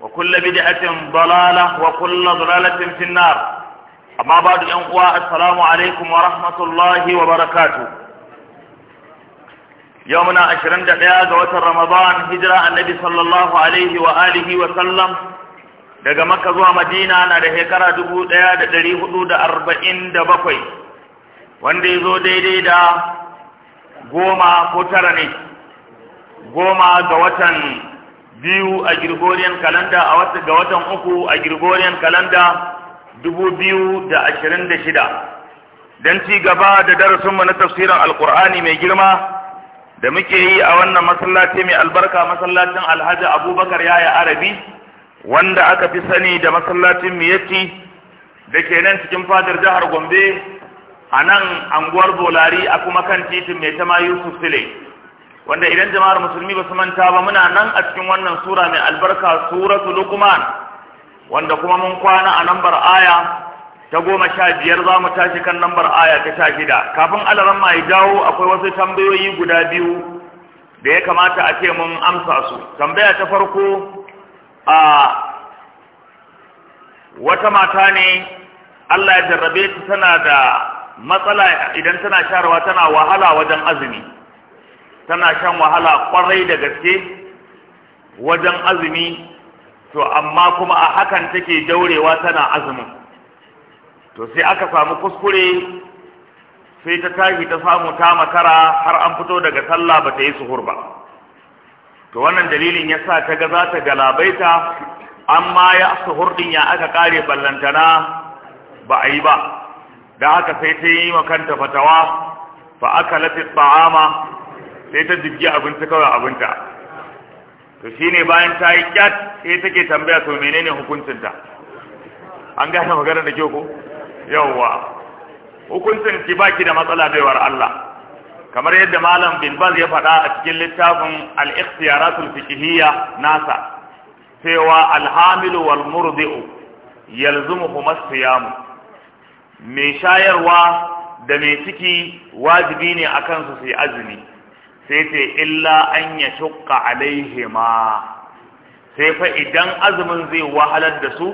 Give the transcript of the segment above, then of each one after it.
وكل بدعة ضلالة وكل ضلالة في النار أما بعد الأنقوى السلام عليكم ورحمة الله وبركاته يومنا عشرين دقيقة وتر رمضان هجرة النبي صلى الله عليه وآله وسلم daga Makka zuwa Madina na da shekara 1447 wanda ya zo daidai da goma ko tara ne goma ga watan biyu a Gregorian calendar a wata ga watan uku a Gregorian calendar dubu biyu da ashirin da shida don ci gaba da darasinmu na tafsirin alkur'ani mai girma da muke yi a wannan masallaci mai albarka masallacin alhaji abubakar yaya arabi wanda aka fi sani da masallacin miyatti da ke nan cikin fadar jihar gombe a nan anguwar bolari a kuma kan titin mai tama yusuf sile wanda idan jama'ar musulmi ba su manta ba muna nan a cikin wannan sura mai albarka suratu luqman wanda kuma mun kwana a nambar aya ta goma sha biyar za mu tashi kan lambar aya ta sha shida kafin alaran ma ya jawo akwai wasu tambayoyi guda biyu da ya kamata a ce mun amsa su tambaya ta farko a wata mata ne Allah ya jarrabe ta tana da matsala idan tana sharwa tana wahala wajen azumi tana shan wahala kwarai da gaske wajen azumi to amma kuma a hakan take daurewa tana azumin to sai aka samu kuskure sai ta tashi ta samu ta makara har an fito daga sallah ba ta yi suhur ba to wannan dalilin ya sa ta ga za ta galabaita amma ya suhur din ya aka kare ballantana ba a yi ba da haka sai ta yi kanta fatawa fa aka ta'ama sai ta jirgi abinci kawai abinta to shine bayan ta yi kyat sai take tambaya to menene hukuncinta an gane magana da ke ku. yawwa hukuncin ki baki da matsala baiwar Allah kamar yadda malam bin baz ya faɗa a cikin littafin al-ikhtiyaratul fiqhiyya nasa cewa al-hamil wal murdi'u yalzumuhu as-siyam mai shayarwa da mai ciki wajibi ne akan su sai azumi sai ce illa an ya shukka alaihima sai fa idan azumin zai wahalar da su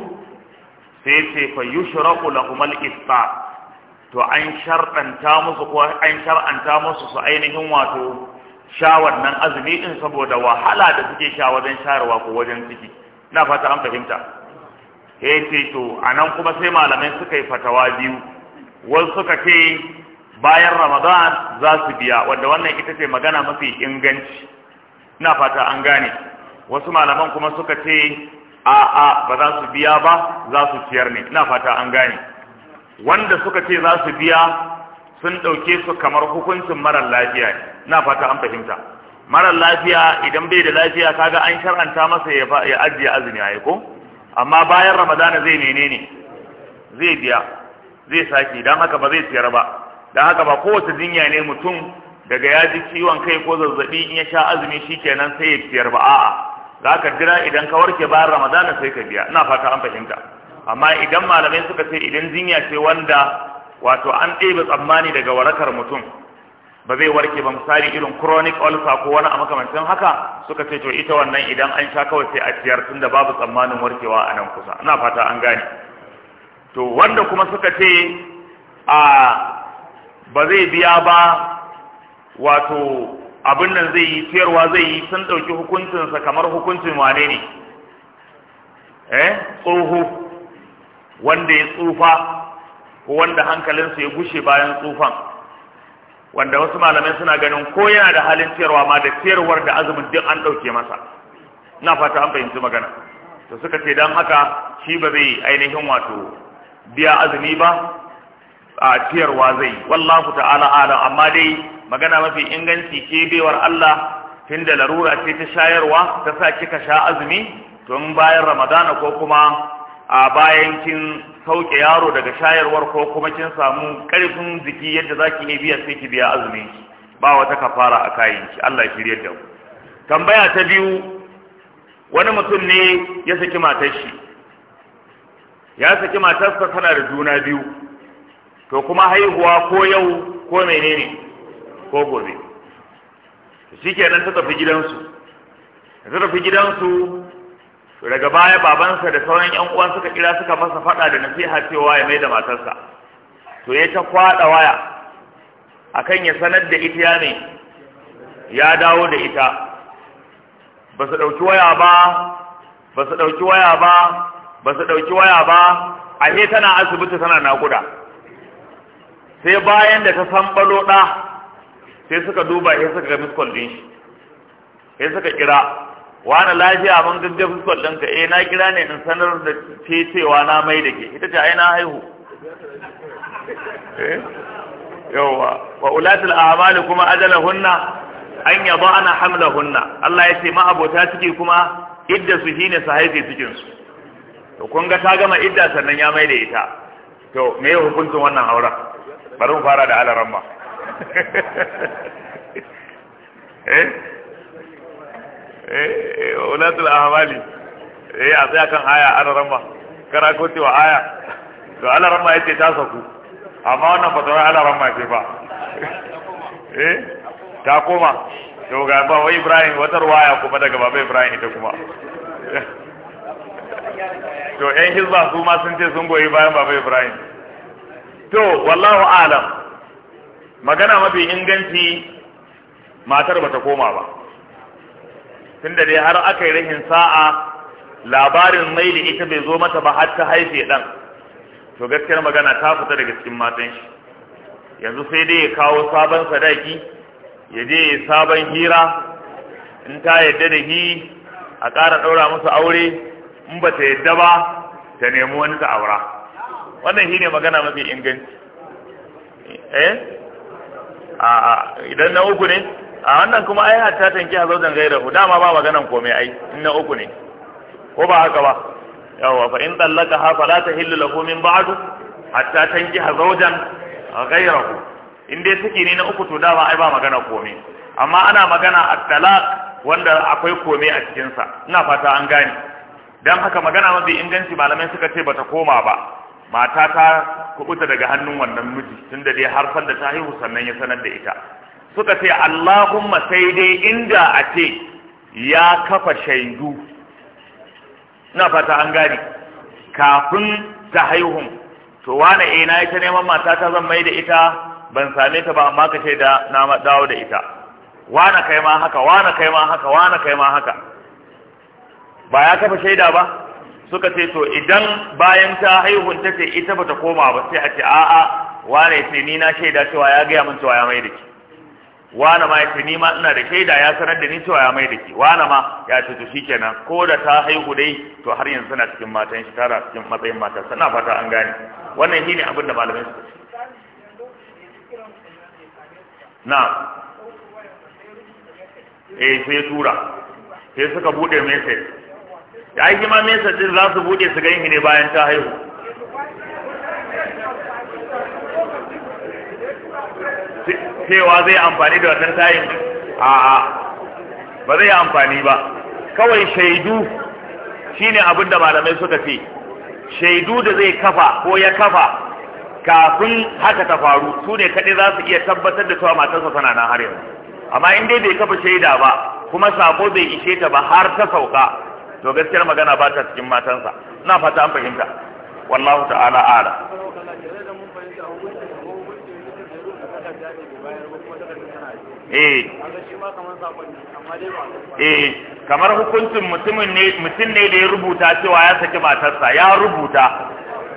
sai ce fa yi lahum al-iftar to an shar'anta musu ko an shar'anta musu su ainihin wato sha wannan azumi in saboda wahala da suke sha wajen sharwa ko wajen ciki ina fata an fahimta ce to anan kuma sai malamai suka yi fatawa biyu wasu suka ce bayan ramadan za su biya wanda wannan ita ce magana mafi inganci ina fata an gane wasu malaman kuma suka ce a a ba za su biya ba za su ciyar ne ina fata an gane wanda suka ce za su biya sun ɗauke su kamar hukuncin marar lafiya ne ina fata an fahimta marar lafiya idan bai da lafiya kaga an shar'anta masa ya ajiye azumi a ko amma bayan ramadana zai menene zai biya zai sake don haka ba zai ciyar ba da haka ba kowace jinya ne mutum daga ya ji ciwon kai ko zazzabi in ya sha azumi shikenan sai ya fiyar ba a'a za ka jira idan ka warke bayan ramadana sai ka biya ina fata an fahimta amma idan malamai suka ce idan jinya ce wanda wato an ɗebe tsammani daga warakar mutum ba zai warke ba misali irin chronic ulcer ko wani a makamancin haka suka ce to ita wannan idan an sha kawai sai a ciyar tunda babu tsammanin warkewa a nan kusa ina fata an gane to wanda kuma suka ce a ba zai biya ba wato abin nan zai yi ciyarwa zai yi sun ɗauki hukuncinsa kamar hukuncin wane ne eh tsoho wanda ya tsufa ko wanda hankalinsa ya gushe bayan tsufan wanda wasu malamai suna ganin ko yana da halin ciyarwa ma da ciyarwar da azumin duk an ɗauke masa na fata an fahimci magana to suka ce don haka shi ba zai ainihin wato biya azumi ba a ciyarwa zai wallahu ta'ala alam amma dai magana mafi inganci ke baiwar Allah da larura ce ta shayarwa ta sa kika sha azumi tun bayan ramadana ko kuma a bayan kin sauke yaro daga shayarwar ko kuma kin samu karfin jiki yadda zaki iya biya sai ki biya azumi ba wata kafara a kayan ki Allah ya shirye da ku. tambaya ta biyu wani mutum ne ya saki matar shi ya saki matarsa tana da juna biyu to kuma haihuwa ko yau ko menene ko gobe shi nan ta tafi gidansu ta tafi gidansu daga baya babansa da sauran yan uwan suka kira suka masa fada da nasiha cewa ya mai da matarsa to ya ta kwada waya akan ya sanar da ita ne ya dawo da ita ba su ɗauki waya ba ba su ɗauki waya ba ba su ɗauki waya ba a tana asibiti tana nakuda sai bayan da ta balo ɗa sai suka duba sai suka ga miskol ɗin shi sai suka kira wani lafiya mun gaggafi miskol ɗinka eh na kira ne in sanar da ce cewa na mai da ke ita ce ai na haihu eh, yawwa wa ulatul a'mali kuma ajalahunna an hamla hamlahunna Allah ya ce ma abota ciki kuma idda su shine su haife cikin su to kun ga ta gama idda sannan ya mai da ita to me ya hukuncin wannan auren bari mu fara da alaramma eh? eh eh ulatul ahmali eh a tsaya kan aya alaramma kara ko cewa aya to ma yace ta saku amma wannan alaran ma ce ba eh ta koma to ga ba wai Ibrahim wata ruwaya kuma daga baba Ibrahim ita kuma to yan hizba su ma sun ce sun goyi bayan baba Ibrahim to wallahu alam magana mafi inganci matar bata koma ba tunda dai har aka yi rahin sa'a labarin mai da ita bai zo mata ba har ta haife dan to gaskiyar magana ta fita daga cikin matan shi yanzu sai dai ya kawo sabon sadaki ya je ya sabon hira in ta yadda da hi a ƙara ɗaura musu aure in ba ta yadda ba ta nemi wani ta aura wannan shine magana mafi inganci eh a idan na uku ne a wannan kuma ai hatta tanki dan gaira hu dama ba maganan komai ai in na uku ne ko ba haka ba yawa fa in tallaka ha fala tahillu lahu min ba'du hatta tanki hazaujan gaira hu in dai take ne na uku to dama ai ba magana komai amma ana magana at-talaq wanda akwai komai a cikin sa ina fata an gane dan haka magana mafi inganci malamai suka ce bata koma ba mata ta kubuta daga hannun wannan miji tun da dai har san da ta haihu sannan ya sanar da ita suka ce Allahumma sai dai inda a ce ya kafa shaidu na fata an gani. kafin ta haihu to wane eh na ita neman mata ta zan mai da ita ban same ta ba amma ka ce da na dawo da ita wane kai ma haka wane kai ma haka wane kai ma haka ba ya kafa shaida ba suka ce to idan bayan ta haihun ta ce ita bata koma ba sai a ce a'a wane ce ni na shaida cewa ya gaya min cewa ya mai da ki wane ma ya ce ni ma ina da shaida ya sanar da ni cewa ya mai da ki wane ma ya ce to shikenan ko da ta haihu dai to har yanzu tana cikin matan shi tara cikin matsayin matan sana fata an gane wannan shine abin da malamin suka ce na eh sai tura sai suka bude message ta yi ma sa din za su bude su gani ne bayan ta haihu cewa zai amfani da wannan tayin a'a ba zai amfani ba kawai shaidu shine abin da malamai suka ce shaidu da zai kafa ko ya kafa kafin haka ta faru su ne kaɗai za su iya tabbatar da cewa matarsa tana nan har yanzu amma in dai bai kafa shaida ba kuma sako bai ishe ta ba har ta sauka to gaskiyar magana ba ta cikin matansa na fata an fahimta wallahu ta'ala ala eh eh kamar hukuncin mutumin ne mutum ne da ya rubuta cewa ya saki matarsa ya rubuta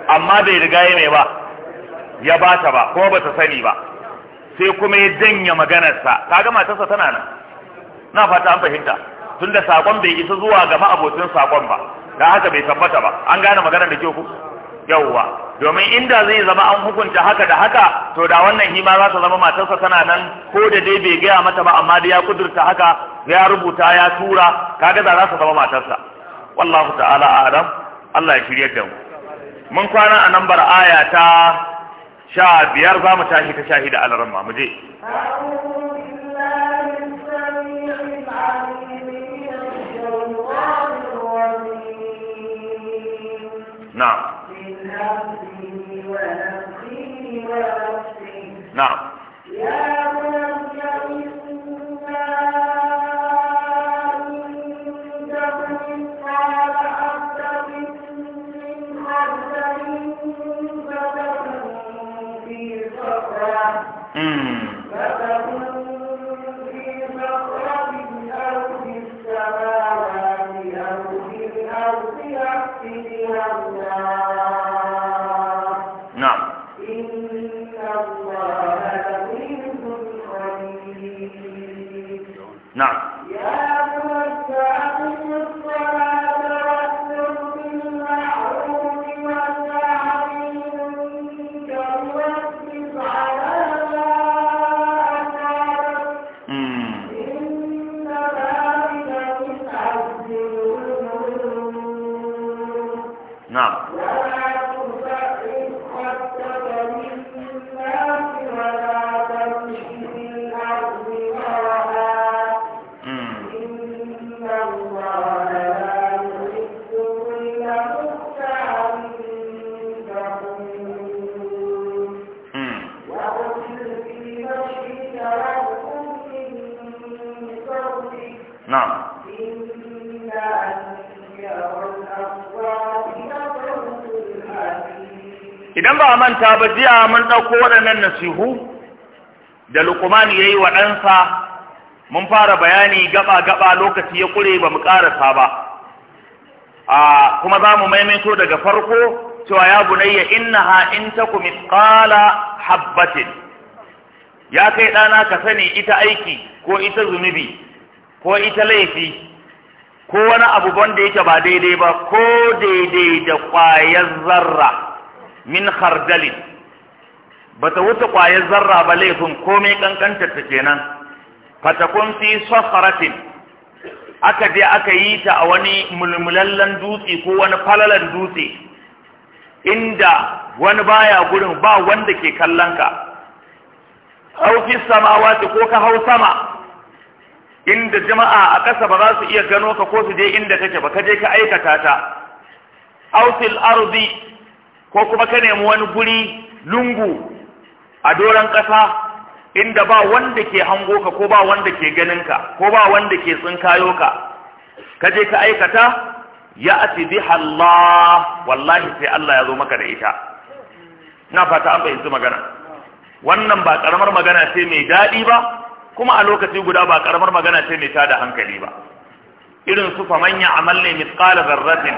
amma bai riga ya mai ba ya bata ba ko ta sani ba sai kuma ya janya maganarsa kaga matarsa tana nan na fata an fahimta tunda sakon bai isa zuwa ga ma'abocin sakon ba da haka bai tabbata ba an gane magana da kyau ku yauwa domin inda zai zama an hukunta haka da haka to da wannan hima za ta zama matarsa tana nan ko da dai bai gaya mata ba amma da ya kudurta haka ya rubuta ya tura kaga za ta zama matarsa wallahu ta'ala a'lam Allah ya shirya da mu mun kwana a nambar aya ta sha biyar za mu tashi ta shahida alarma mu je نعم نعم ba jiya mun ɗauko waɗannan nasihu da lukumani ya yi wa ɗansa mun fara bayani gaba-gaba lokaci ya ƙure ba mu ƙarasa ba a kuma za mu maimaito daga farko cewa ya bunayya innaha in taku miƙala habbatin ya kai ɗana ka sani ita aiki ko ita zunubi ko ita laifi ko wani abu da yake ba daidai ba ko daidai da ƙwayar zarra min khardalin bata wuce ƙwayar zarra ba laifin komai ƙanƙantar ta kenan fatakun fi sakharatin aka je aka yi ta a wani mulmulallen dutse ko wani falalan dutse inda wani baya gurin ba wanda ke kallon ka haufi samawati ko ka hau sama inda jama'a a ƙasa ba za su iya gano ka ko su je inda kake ba ka je ka aikata ta autil arzi ko kuma ka nemi wani guri lungu a doron ƙasa inda ba wanda ke hango ka ko ba wanda ke ganin ka ko ba wanda ke tsinkayo ka ka je ka aikata ya ati biha Allah wallahi sai Allah ya zo maka da ita na fata an bayyana magana wannan ba karamar magana ce mai daɗi ba kuma a lokaci guda ba karamar magana ce mai tada hankali ba irin su famanya amal ne mithqala zarratin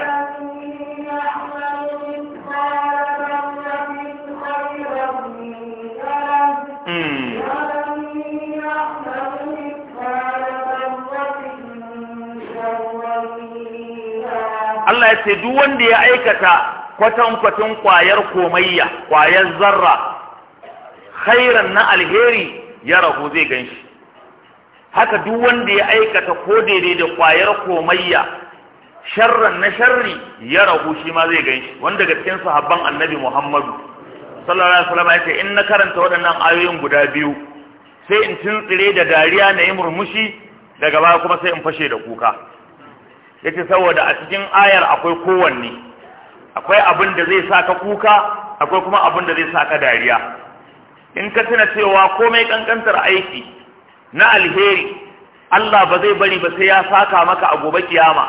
Hmm. Allah ya ce duk wanda ya aikata kwatankwacin kwayar komayya kwayar zarra khairan na alheri ya rahu zai ganshi haka duk wanda ya aikata ko daidai da kwayar komayya sharran na sharri ya rahu shi ma zai ganshi wanda ga cikin sahabban annabi Muhammadu sallallahu alaihi wasallam yace in na karanta waɗannan ayoyin guda biyu sai in tuntsire da dariya na yi murmushi daga baya kuma sai in fashe da kuka yace saboda a cikin ayar akwai kowanne akwai abin da zai sa ka kuka akwai kuma abin da zai sa ka dariya in ka tuna cewa komai kankantar aiki na alheri Allah ba zai bari ba sai ya saka maka a gobe kiyama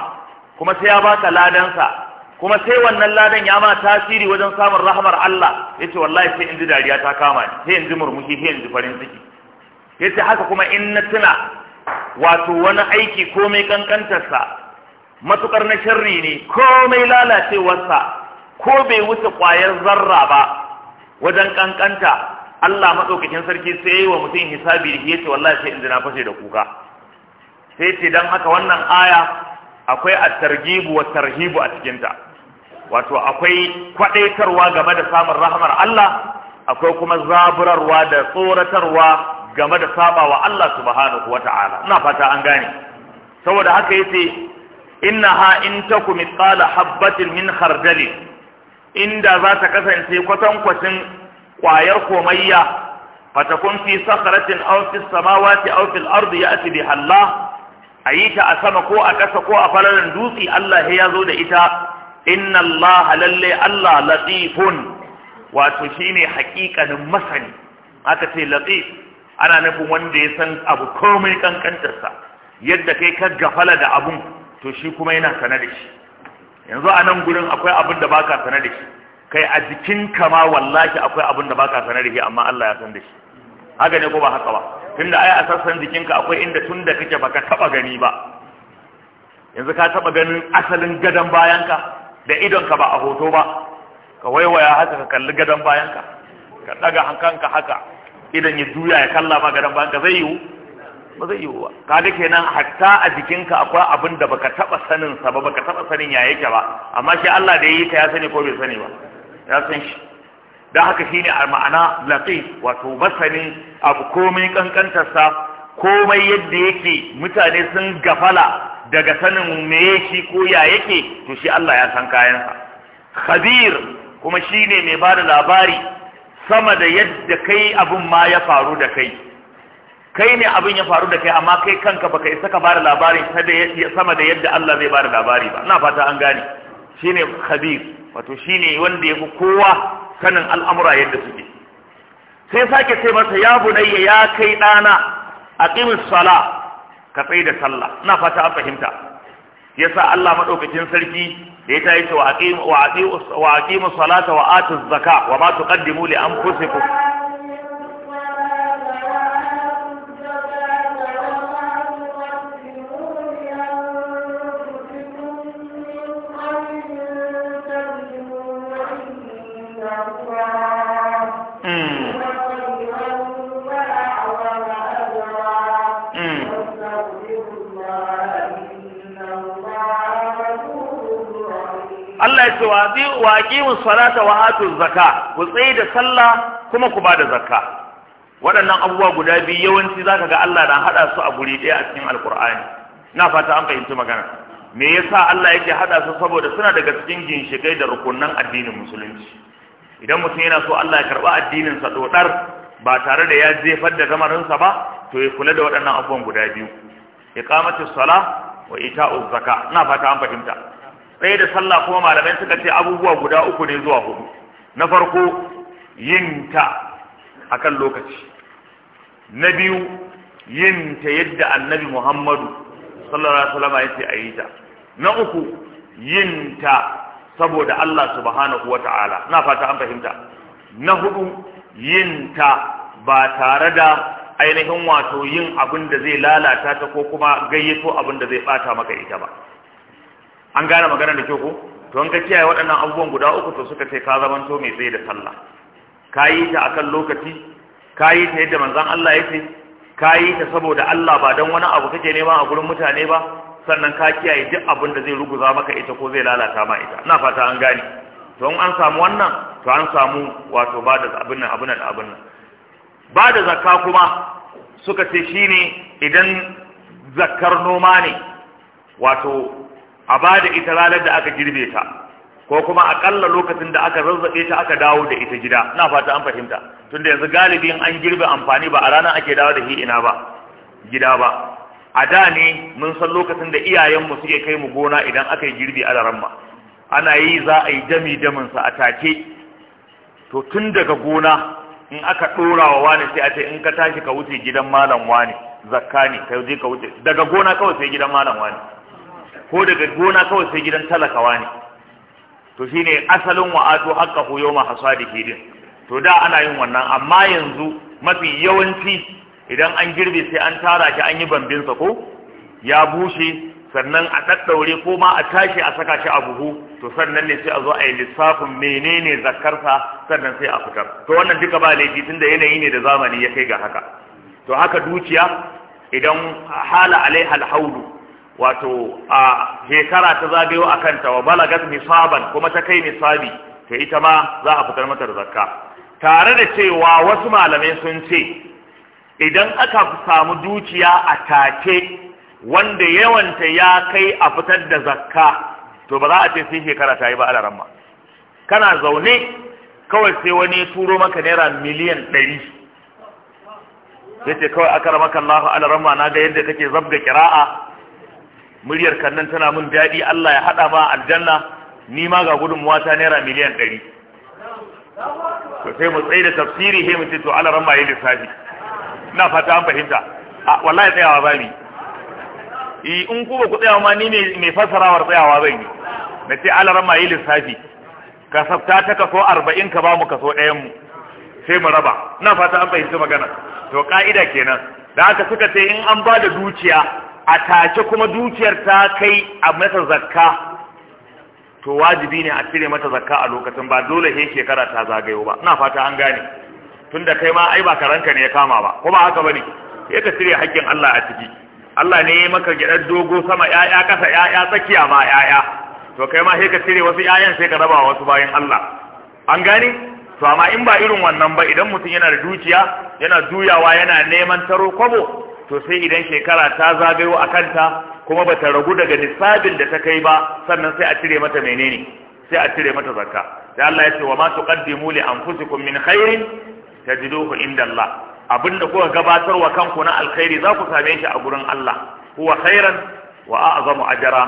kuma sai ya baka ladansa kuma sai wannan ladan ya ma tasiri wajen samun rahmar Allah yace wallahi sai in ji dariya ta kama ni sai in ji murmushi sai in ji farin ciki yace haka kuma in na tuna wato wani aiki komai kankantarsa matukar na sharri ne komai lalacewarsa ko bai wuce ƙwayar zarra ba wajen kankanta Allah maɗaukakin sarki sai yi wa mutum hisabi da yace wallahi sai in ji na fashe da kuka sai ce dan haka wannan aya akwai a targhibu wa tarhibu a cikinta wato akwai kwadaitarwa game da samun rahmar Allah akwai kuma zaburarwa da tsoratarwa game da sabawa Allah subhanahu wata'ala ina fata an gane saboda haka yace innaha in taku mithqala habbatin min khardali inda za ta kasance kwatankwacin kwayar komayya fatakun fi sakharatin aw fi samawati aw fil ardi ya'ti biha Allah a yi ta a sama ko a ƙasa ko a fararen dutse Allah ya zo da ita inna Allah lalle Allah latifun wato shine haƙiƙanin masani aka ce latif ana nufin wanda ya san abu komai kankantarsa yadda kai ka gafala da abun to shi kuma yana sana da shi yanzu a nan gurin akwai abin da baka sana da shi kai a jikin kama wallahi akwai abin da baka sana da shi amma Allah ya san da shi haka ne ko ba haka ba tunda ai a sassan jikinka akwai inda tunda kake baka taba gani ba yanzu ka taba ganin asalin gadon bayanka da idonka ba a hoto ba ka waiwaya haka ka kalli gadon bayanka ka daga hankanka haka idan ya juya ya kalla ma gadon bayanka zai yiwu ba zai yiwu ba ka da kenan hatta a jikinka akwai abin da baka taba sanin sa ba baka taba sanin ya yake ba amma shi Allah da ya yi ka ya sani ko bai sani ba ya san shi don haka shine a ma'ana latif wato masani abu komai kankantarsa komai yadda yake mutane sun gafala daga sanin me yake ko ya yake to shi Allah ya san kayansa khabir kuma shine mai ba da labari sama da yadda kai abun ma ya faru da kai kai ne abin ya faru da kai amma kai kanka baka isa ka bada labari sama da yadda Allah zai bada labari ba ina fata an gane shine khabir wato shine wanda yafi kowa sanin al'amura yadda suke sai sake sai masa ya bunayya ya kai ɗana a ƙimin sala ka tsaye da sallah na fata a fahimta ya sa Allah maɗaukacin sarki da ya ta yi wa aqim salata wa zaka zakat wa ma tuqaddimu li anfusikum Allah ya ce wa qimu salata wa atu zakka ku tsaye da sallah kuma ku bada zakka waɗannan abubuwa guda biyu yawanci zaka ga Allah na hada su a guri ɗaya a cikin alqur'ani na fata an fahimci magana me yasa Allah yake hada su saboda suna daga cikin ginshikai da rukunnan addinin musulunci idan mutum yana so Allah ya karba addinin sa dodar ba tare da ya jefar da gamarinsa ba to ya kula da waɗannan abubuwan guda biyu iqamatus sala wa ita'uz zakka na fata an fahimta tsaye da sallah kuma malamai suka ce abubuwa guda uku ne zuwa hudu na farko yin ta kan lokaci na biyu yin yadda annabi muhammadu sallallahu alaihi wasallam ya ce a yi ta na uku yin saboda Allah subhanahu wa ta'ala na fata an fahimta na hudu yinta ba tare da ainihin wato yin abin da zai lalata ta ko kuma gayyato abin da zai bata maka ita ba an gane maganar da kyau ko to an ka kiyaye waɗannan abubuwan guda uku to suka ce ka zamanto mai tsaye da sallah ka yi ta akan lokaci ka yi ta yadda manzan Allah yake ka yi ta saboda Allah ba don wani abu kake nema a gurin mutane ba sannan ka kiyaye duk abin da zai ruguza maka ita ko zai lalata ma ita ina fata an gane to an samu wannan to an samu wato ba da abin nan abin nan abin nan ba da zakka kuma suka ce shine idan zakkar noma ne wato a ba da ita ranar da aka girbe ta ko kuma akalla lokacin da aka zazzabe ta aka dawo da ita gida na fata an fahimta tunda yanzu galibin an girbe amfani ba a ranar ake dawo da shi ina ba gida ba a da ne mun san lokacin da iyayenmu suke kai mu gona idan aka yi girbi a ramma ana yi za a yi dami damin sa a take to tun daga gona in aka dora wa wani sai a ce in ka tashi ka wuce gidan malam wani zakka ne ka je ka wuce daga gona kawai sai gidan malam wani ko daga gona kawai sai gidan talakawa ne to shine asalin wa'atu haqqahu yoma hasadi din to da ana yin wannan amma yanzu mafi yawanci idan an girbe sai an tara shi an yi bambin sa ko ya bushe sannan a daddaure ko ma a tashi a saka shi a buhu to sannan ne sai a zo a yi lissafin menene zakarsa sannan sai a fitar to wannan duka ba laifi tunda yanayi ne da zamani ya kai ga haka to haka dukiya idan hala alaiha alhaudu wato a shekara ta zagayo a kanta wa balagat nisaban kuma ta kai nisabi ta ita ma za a fitar mata da zakka tare da cewa wasu malamai sun ce idan aka samu dukiya a take wanda yawanta ya kai a fitar da zakka to ba za a ce sai shekara ta yi ba alaran ma kana zaune kawai sai wani turo maka naira miliyan ɗari yace ce kawai aka ramaka Allah alaran ma na ga yadda kake zabga kira'a muryar kannan tana mun daɗi Allah ya haɗa ma aljanna ni ma ga gudun ta naira miliyan ɗari to sai mu tsaye da tafsiri sai mu ce to ala ramma yi lissafi na fata an fahimta a wallahi tsayawa ba ni eh, in ku ba ku tsayawa ma ni ne mai fasarawar tsayawa ba ni na ce ala ramma yi lissafi ka sabta ta kaso arba'in ka ba mu kaso ɗayan mu sai mu raba na fata an fahimta magana to ka'ida kenan da aka suka ce in an ba da dukiya a take kuma dukiyar ta kai a mata zakka to wajibi ne a cire mata zakka a lokacin ba dole he shekara ta zagayo ba ina fata an gane tunda kai ma ai ba karanka ne ya kama ba ko ba haka bane sai ka cire haƙƙin Allah a ciki Allah ne ya maka gidan dogo sama ƴaƴa ƙasa ƴaƴa tsakiya ma ƴaƴa to kai ma sai ka cire wasu ƴaƴan sai ka raba wasu bayan Allah an gane to amma in ba irin wannan ba idan mutum yana da dukiya yana juyawa yana neman taro kwabo to sai idan shekara ta zagayo a kanta kuma bata ragu daga nisabin da ta kai ba sannan sai a cire mata menene sai a cire mata zakka da Allah ya ce wa ma tuqaddimu li anfusikum min khairin tajiduhu inda Allah abinda kuka gabatar wa kanku na alkhairi za ku same shi a gurin Allah huwa khairan wa a'zamu ajra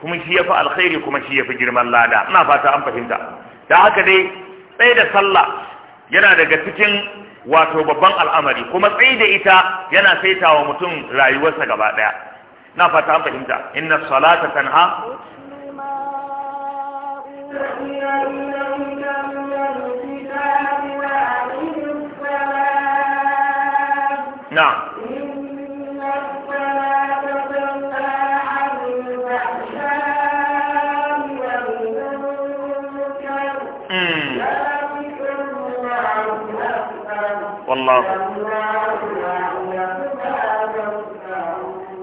kuma shi yafi alkhairi kuma shi yafi girman lada ina fata an fahimta dan haka dai tsaye da sallah yana daga cikin wato babban al'amari kuma tsayi da ita yana saita wa mutum rayuwarsa gaba daya na fata an fahimta inna salata tanha na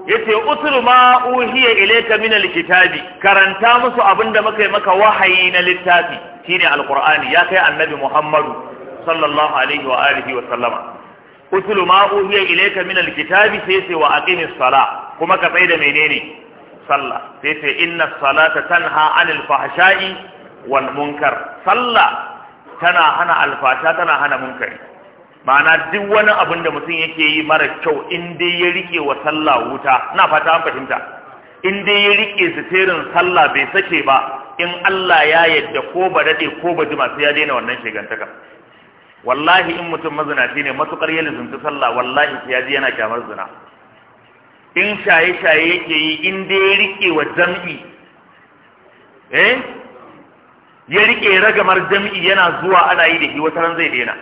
yace usru ma uhiya ilayka min alkitabi karanta musu abinda muka yi maka wahayi na littafi shine alqur'ani ya kai annabi muhammadu sallallahu alaihi wa alihi wa sallama ma uhiya ilayka min alkitabi sai sai wa aqimis sala kuma ka tsaya da menene sallah sai sai inna salata tanha anil fahsha'i wal munkar sallah tana hana alfasha tana hana munkari ma'ana duk wani abin da mutum yake yi mara kyau in dai ya rike wa sallah wuta na fata an fahimta in dai ya rike sitirin sallah bai sake ba in Allah ya yadda ko ba dade ko ba jima sai ya daina wannan shigantaka wallahi in mutum mazinaci ne matukar ya lizunta sallah wallahi sai ya ji yana kyamar zina in shaye shaye yake yi in dai ya rike wa jam'i eh ya rike ragamar jam'i yana zuwa ana yi da shi wata ran zai daina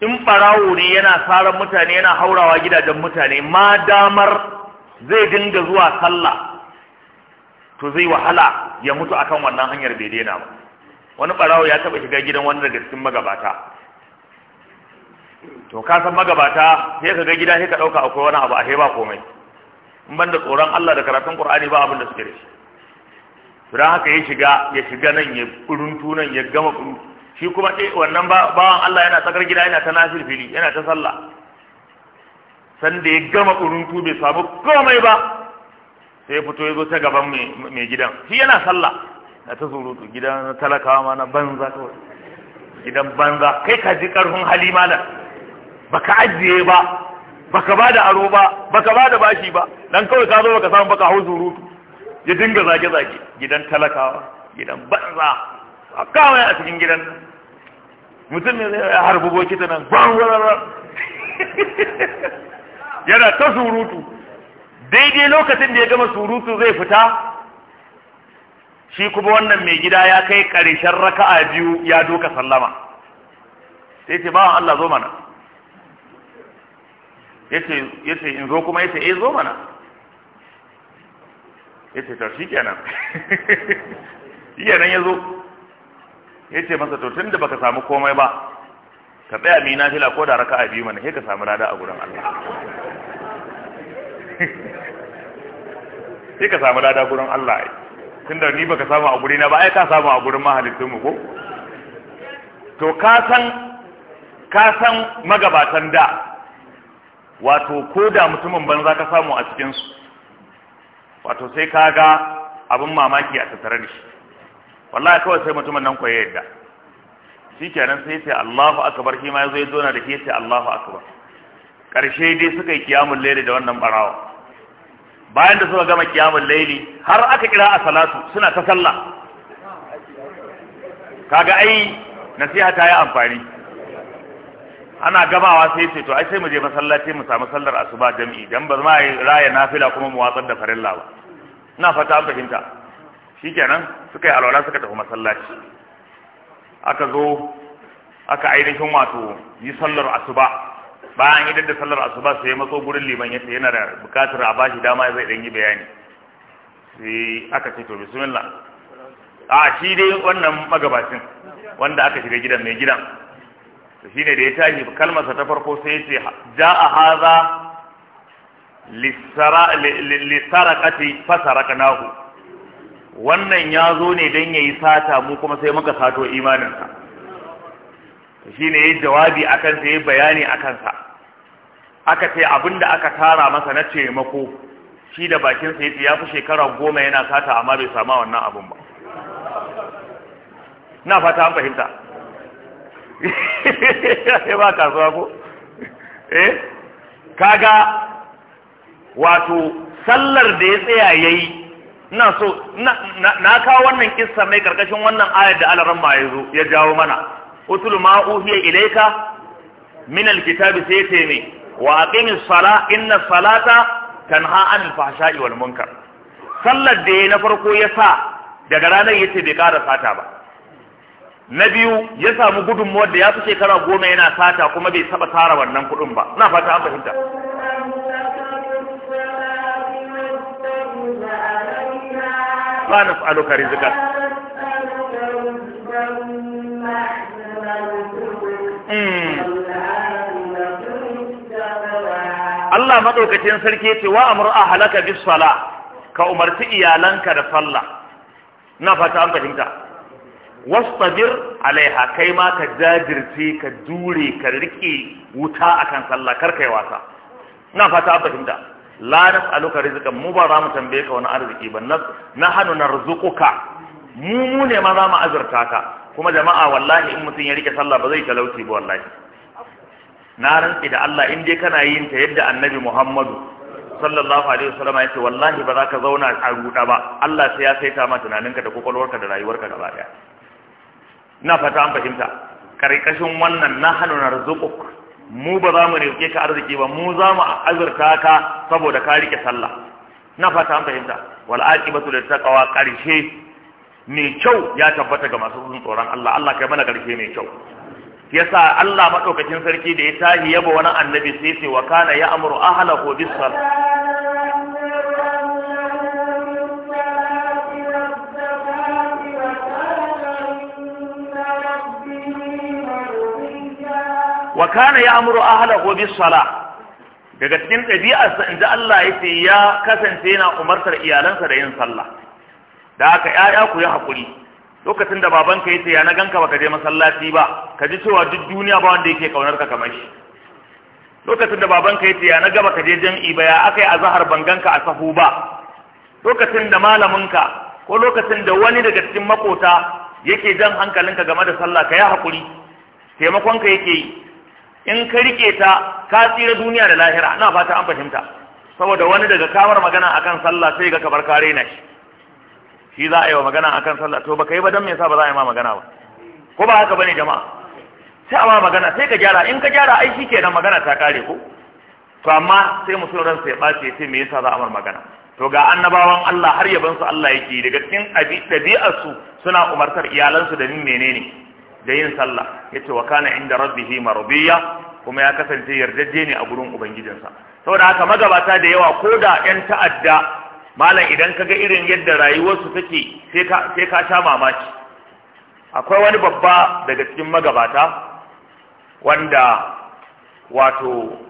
in ɓarawo ne yana saran mutane yana haurawa gidajen mutane ma damar zai dinga zuwa sallah to zai wahala ya mutu akan wannan hanyar bai daina ba wani ɓarawo ya taɓa shiga gidan wani daga cikin magabata to ka san magabata sai ka ga gida sai ka ɗauka akwai wani abu a sai ba komai in ban da tsoron Allah da karatun Qur'ani ba abin da suke da shi dan haka ya shiga ya shiga nan ya kuruntu nan ya gama kuruntu shi kuma ɗai wannan bawan Allah yana tsakar gida yana ta nafilfili yana ta sallah sanda ya gama ƙuruntu bai samu komai ba sai fito ya zo ta gaban mai gidan shi yana sallah na ta surutu gidan na talakawa ma na banza kawai gidan banza kai ka ji ƙarfin hali malam baka ajiye ba baka ba da aro ba baka ba da bashi ba dan kawai ka zo baka samu baka hau surutu ya dinga zage-zage gidan talakawa gidan banza a kawai a cikin gidan nan mutum ne zai harbi ta nan gwangwararra yana ta surutu daidai lokacin da ya gama surutu zai fita shi kuma wannan mai gida ya kai raka raka'a biyu ya doka sallama sai ce bawan Allah zo mana yace in zo kuma yace eh zo mana yace to shikenan shikenan ya zo yace masa to tun da baka samu komai ba ka tsaya mi na fila ko da raka a biyu mana sai ka samu rada a gurin Allah sai ka samu a gurin Allah tun da ni baka samu a gurina ba ai ka samu a gurin mahalittun mu ko to ka san ka san magabatan da wato ko da mutumin banza ka samu a cikin su wato sai ka ga abin mamaki a tattare da shi wallahi kawai sai mutumin nan ko yadda shikenan sai ce Allahu akbar shi ma yazo ya zona da shi ce Allahu akbar karshe dai suka yi kiyamul layli da wannan barawa bayan da suka gama kiyamul layli har aka kira a salatu suna ta sallah kaga ai nasiha ta yi amfani ana gamawa sai ce to ai sai mu je masallaci mu samu sallar asuba jami'i dan ba ma raya nafila kuma mu watsar da farilla ba ina fata an fahimta nan suka yi alwala suka tafi masallaci aka zo aka ainihin wato yi sallar asuba bayan idan da sallar asuba sai ya matso gurin liman yace yana da bukatar a bashi dama zai dan yi bayani sai aka ce to bismillah a shi dai wannan magabacin wanda aka shiga gidan mai gidan to shine da ya tashi kalmarsa ta farko sai ya ce ja'a haza lisara lisaraqati fasaraknahu wannan ya zo ne don ya yi sata mu kuma sai muka sato imaninsa shi ne ya yi jawabi a kansa ya yi bayani a kansa aka ce abin da aka tara masa na taimako shi da bakinsa ya ya fi shekara goma yana sata amma bai sama wannan abin ba na fata an fahimta ya ba kasuwa ko eh kaga wato sallar da ya tsaya ya yi ina so na kawo wannan kissa mai karkashin wannan ayar da alaran ma yazo ya jawo mana utul ma uhiya ilayka min alkitabi sai ce ne, wa aqimis sala inna salata tanha anil fahsha'i wal munkar sallar da yayi na farko ya sa daga ranar yace bai kara sata ba na biyu ya samu gudunmuwar da ya fi shekara goma yana sata kuma bai saba tara wannan kuɗin ba ina fata an fahimta ما نسألك رزقا Allah maɗaukacin sarki ya ce wa amur a halaka bis sala ka umarci iyalanka da sallah na fata an fahimta wastabir alaiha kai ma ka jajirce ka jure ka rike wuta akan sallah kar kai wasa na fata an fahimta la nas'aluka rizqan mu ba za mu tambaye ka wani arziki ba na hanu narzuquka mu mu ne ma za mu azurta ka kuma jama'a wallahi in mutum ya rike sallah ba zai talauci ba wallahi na rantsi da Allah in dai kana yin ta yadda annabi Muhammadu sallallahu alaihi wasallam ya ce wallahi ba za ka zauna a ruda ba Allah sai ya saita ma tunaninka da kokolwarka da rayuwarka gaba daya ina fata an fahimta karkashin wannan nahnu narzuquk mu ba za mu rike ka arziki ba mu za mu azurta ka saboda ka rike sallah na fata an fahimta wal aqibatu lit taqwa karshe mai kyau ya tabbata ga masu tsoron Allah Allah kai mana karshe mai kyau yasa Allah madaukakin sarki da ya tahi yaba wani annabi sai sai wa kana ya amuru ahlahu bis salah wa kana ya'muru ahlahu bis sala daga cikin ɗabi'arsa inda Allah yake ya kasance yana umartar iyalansa da yin sallah da aka yaya ku yi hakuri lokacin da babanka yace ya na ganka baka je masallaci ba ka cewa duk duniya ba wanda yake kaunar ka kamar shi lokacin da babanka yace ya na gaba ka je jami'i ba ya akai azhar banganka a sahu ba lokacin da malaminka ko lokacin da wani daga cikin makota yake jan hankalinka game da sallah ka yi haƙuri taimakonka yake yi in ka rike ta ka tsira duniya da lahira ina fata an fahimta saboda wani daga kamar magana akan sallah sai ga kabar kare na shi shi za a yi wa magana akan sallah to baka yi ba dan me yasa ba za a yi ma magana ba ko ba haka bane jama'a sai a ma magana sai ka gyara in ka gyara ai shikenan magana ta kare ko to amma sai mutum ransa sai bace sai me yasa za a mar magana to ga annabawan Allah har yabansu Allah yake daga cikin ɗabi'arsu suna umartar iyalansu da menene da yin sallah yace wa kana inda rabbihi marbiya kuma ya kasance yardaje ne a gurin ubangijinsa saboda haka magabata da yawa ko da yan ta'adda malam idan kaga irin yadda rayuwarsu take sai ka sha mamaki akwai wani babba daga cikin magabata wanda wato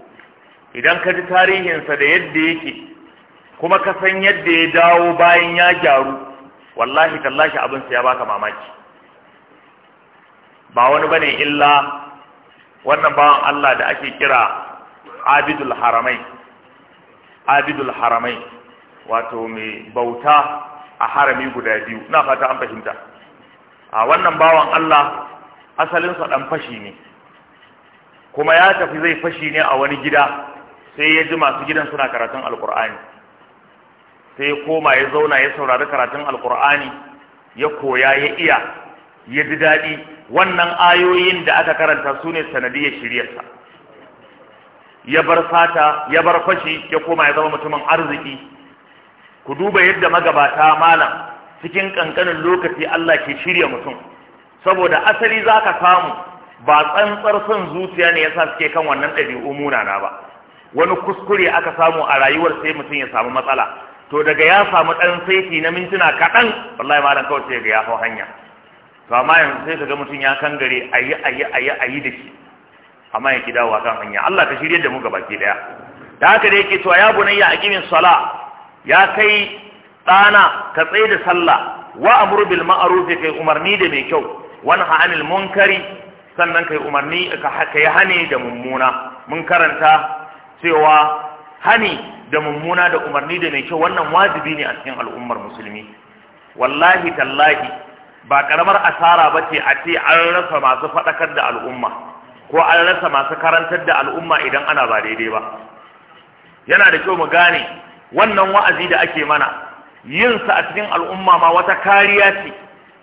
idan ka ji tarihinsa da yadda yake kuma ka san yadda ya dawo bayan ya gyaru wallahi tallahi abin sa ya baka mamaki ba wani bane illa wannan bawan Allah da ake kira abidul haramai abidul haramai wato mai bauta a harami guda biyu na fata an fahimta a wannan bawan Allah asalinsa dan fashi ne kuma ya tafi zai fashi ne a wani gida sai ya ji masu gidan suna karatun alkur'ani sai ya koma ya zauna ya saurari karatun alkur'ani ya koya ya iya ya ji daɗi wannan ayoyin da aka karanta su ne sanadiyar shiryarsa ya bar fata ya bar fashi ya koma ya zama mutumin arziki ku duba yadda magabata malam cikin kankanin lokaci Allah ke shirya mutum saboda asali za ka samu ba tsantsar son zuciya ne yasa suke kan wannan ɗabi'u munana ba wani kuskure aka samu a rayuwar sai mutum ya samu matsala to daga ya samu ɗan saiti na mintuna kaɗan wallahi malam kawai sai ga ya hau hanya to amma yanzu sai kaga mutum ya kangare ayi ayi ayi ayi da shi amma ya kida wa kan hanya Allah ka shirye da mu gabaki daya da haka da yake cewa ya bunayya aqimin sala ya kai tsana ka tsaye da sallah wa amru bil ma'ruf kai umarni da mai kyau wa anil munkari sannan kai umarni ka kai hani da mummuna mun karanta cewa hani da mummuna da umarni da mai kyau wannan wajibi ne a cikin al'ummar musulmi wallahi tallahi ba karamar asara ba ce a ce an rasa masu faɗakar da al'umma ko an rasa masu karantar da al'umma idan ana ba daidai ba yana da kyau mu gane wannan wa'azi da ake mana yin sa a cikin al'umma ma wata kariya ce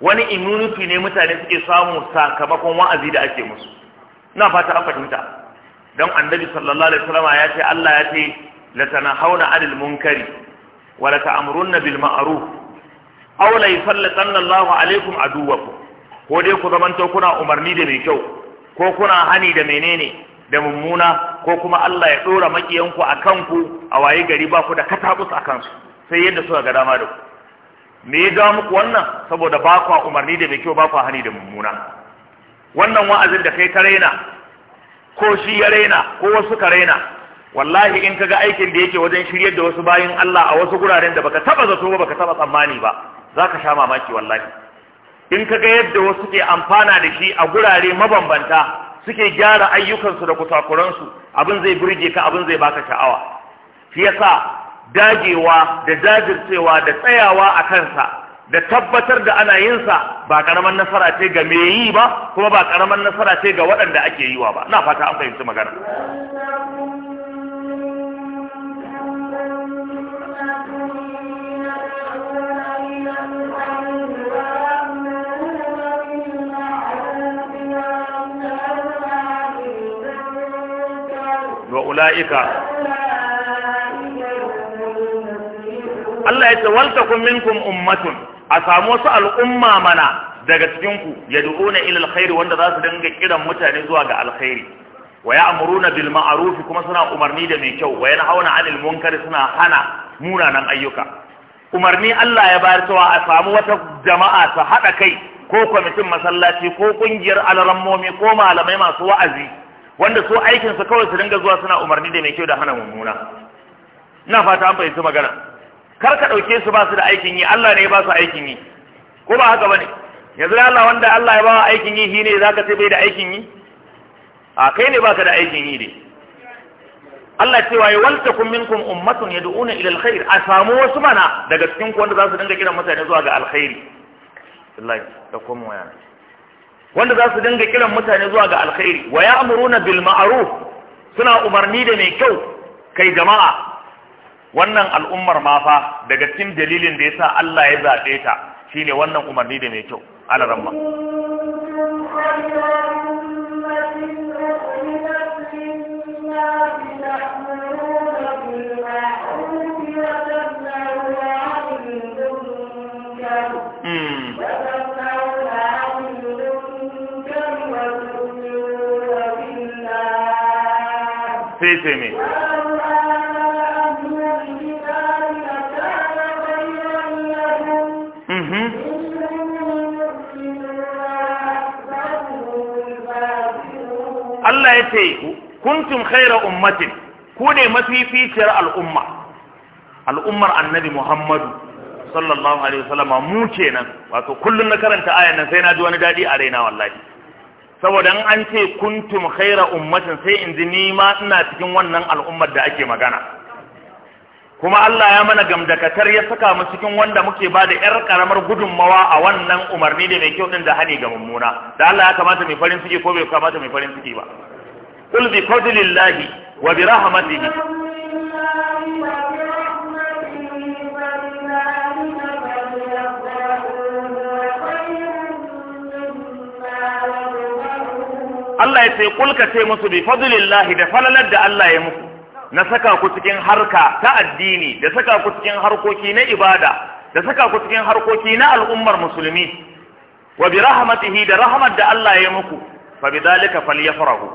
wani immunity ne mutane suke samu sakamakon wa'azi da ake musu ina fata an fahimta don annabi sallallahu alaihi wasallam ya ce Allah ya ce la tanahawna 'anil munkari wa la ta'muruna bil ma'ruf aw la yusallitanna Allahu alaikum aduwakum ko dai ku zamanto kuna umarni da mai kyau ko kuna hani da menene da mummuna ko kuma Allah ya dora makiyanku a kanku a waye gari ba ku da katabus a kansu sai yadda suka ga dama da ku me ya ga muku wannan saboda ba ku umarni da mai kyau ba ku hani da mummuna wannan wa'azin da kai ka raina ko shi ya raina ko wasu ka raina wallahi in kaga aikin da yake wajen shiryar da wasu bayin Allah a wasu guraren da baka taba zato ba baka taba tsammani ba za ka sha mamaki wallahi in ka ga yadda wasu ke amfana da shi a gurare mabambanta suke gyara ayyukansu da kusakuransu abin zai burge ka abin zai baka sha'awa shi yasa dagewa da jajircewa da tsayawa a kansa da tabbatar da ana yin sa ba karaman nasara ce ga me yi ba kuma ba karaman nasara ce ga waɗanda ake yiwa ba na fata an fahimci magana ula'ika Allah ya ce waltakun minkun ummatun a samu wasu al'umma mana daga cikinku yad'una ila alkhairi wanda za su dinga kiran mutane zuwa ga alkhairi wa na bil ma'arufi kuma suna umarni da mai kyau wa yanhauna 'anil munkari suna hana munanan ayyuka umarni Allah ya bayar cewa a samu wata jama'a ta haɗa kai ko kwamitin masallaci ko ƙungiyar alarammomi ko malamai masu wa'azi wanda so aikin su kawai su dinga zuwa suna umarni da mai kyau da hana mummuna ina fata an fahimci magana kar ka dauke su ba su da aikin yi Allah ne ya ba su aikin yi ko ba haka bane yanzu Allah wanda Allah ya ba aikin yi shine zaka ce bai da aikin yi a kai ne baka da aikin yi dai Allah cewa ya walta kun minkum ummatun yad'una ila alkhair a samu wasu mana daga cikin ku wanda za su dinga kiran mutane zuwa ga alkhairi wallahi da kuma wayana wanda za su dinga kiran mutane zuwa ga alkhairi wa ya'muruna bil suna umarni da mai kyau kai jama'a wannan al'ummar ma fa daga cikin dalilin da ya sa Allah ya zaɓe ta shine wannan umarni da mai kyau alaramma Thank you. sai mai. Mhm. Allah ya ce kuntum khaira ummatin ku ne mafificiyar al'umma al'ummar annabi Muhammadu sallallahu alaihi wasallama mu kenan wato kullum na karanta ayan nan sai na ji wani dadi a raina wallahi saboda an ce kuntum khaira ummatin sai in ji nima ina cikin wannan al'ummar da ake magana kuma Allah ya mana gamdakatar ya saka mu cikin wanda muke ba da yar karamar gudunmawa a wannan umarni da mai kyau din da hani ga mummuna da Allah ya kamata mai farin ciki ko bai kamata mai farin ciki ba kul bi fadlillahi wa bi rahmatihi Allah ya ce kulka ce musu bi fadlillahi da falalar da Allah ya muku na saka ku cikin harka ta addini da saka ku cikin harkoki na ibada da saka ku cikin harkoki na al'ummar musulmi wa bi rahmatihi da rahmat da Allah ya muku fa bidhalika falyafrahu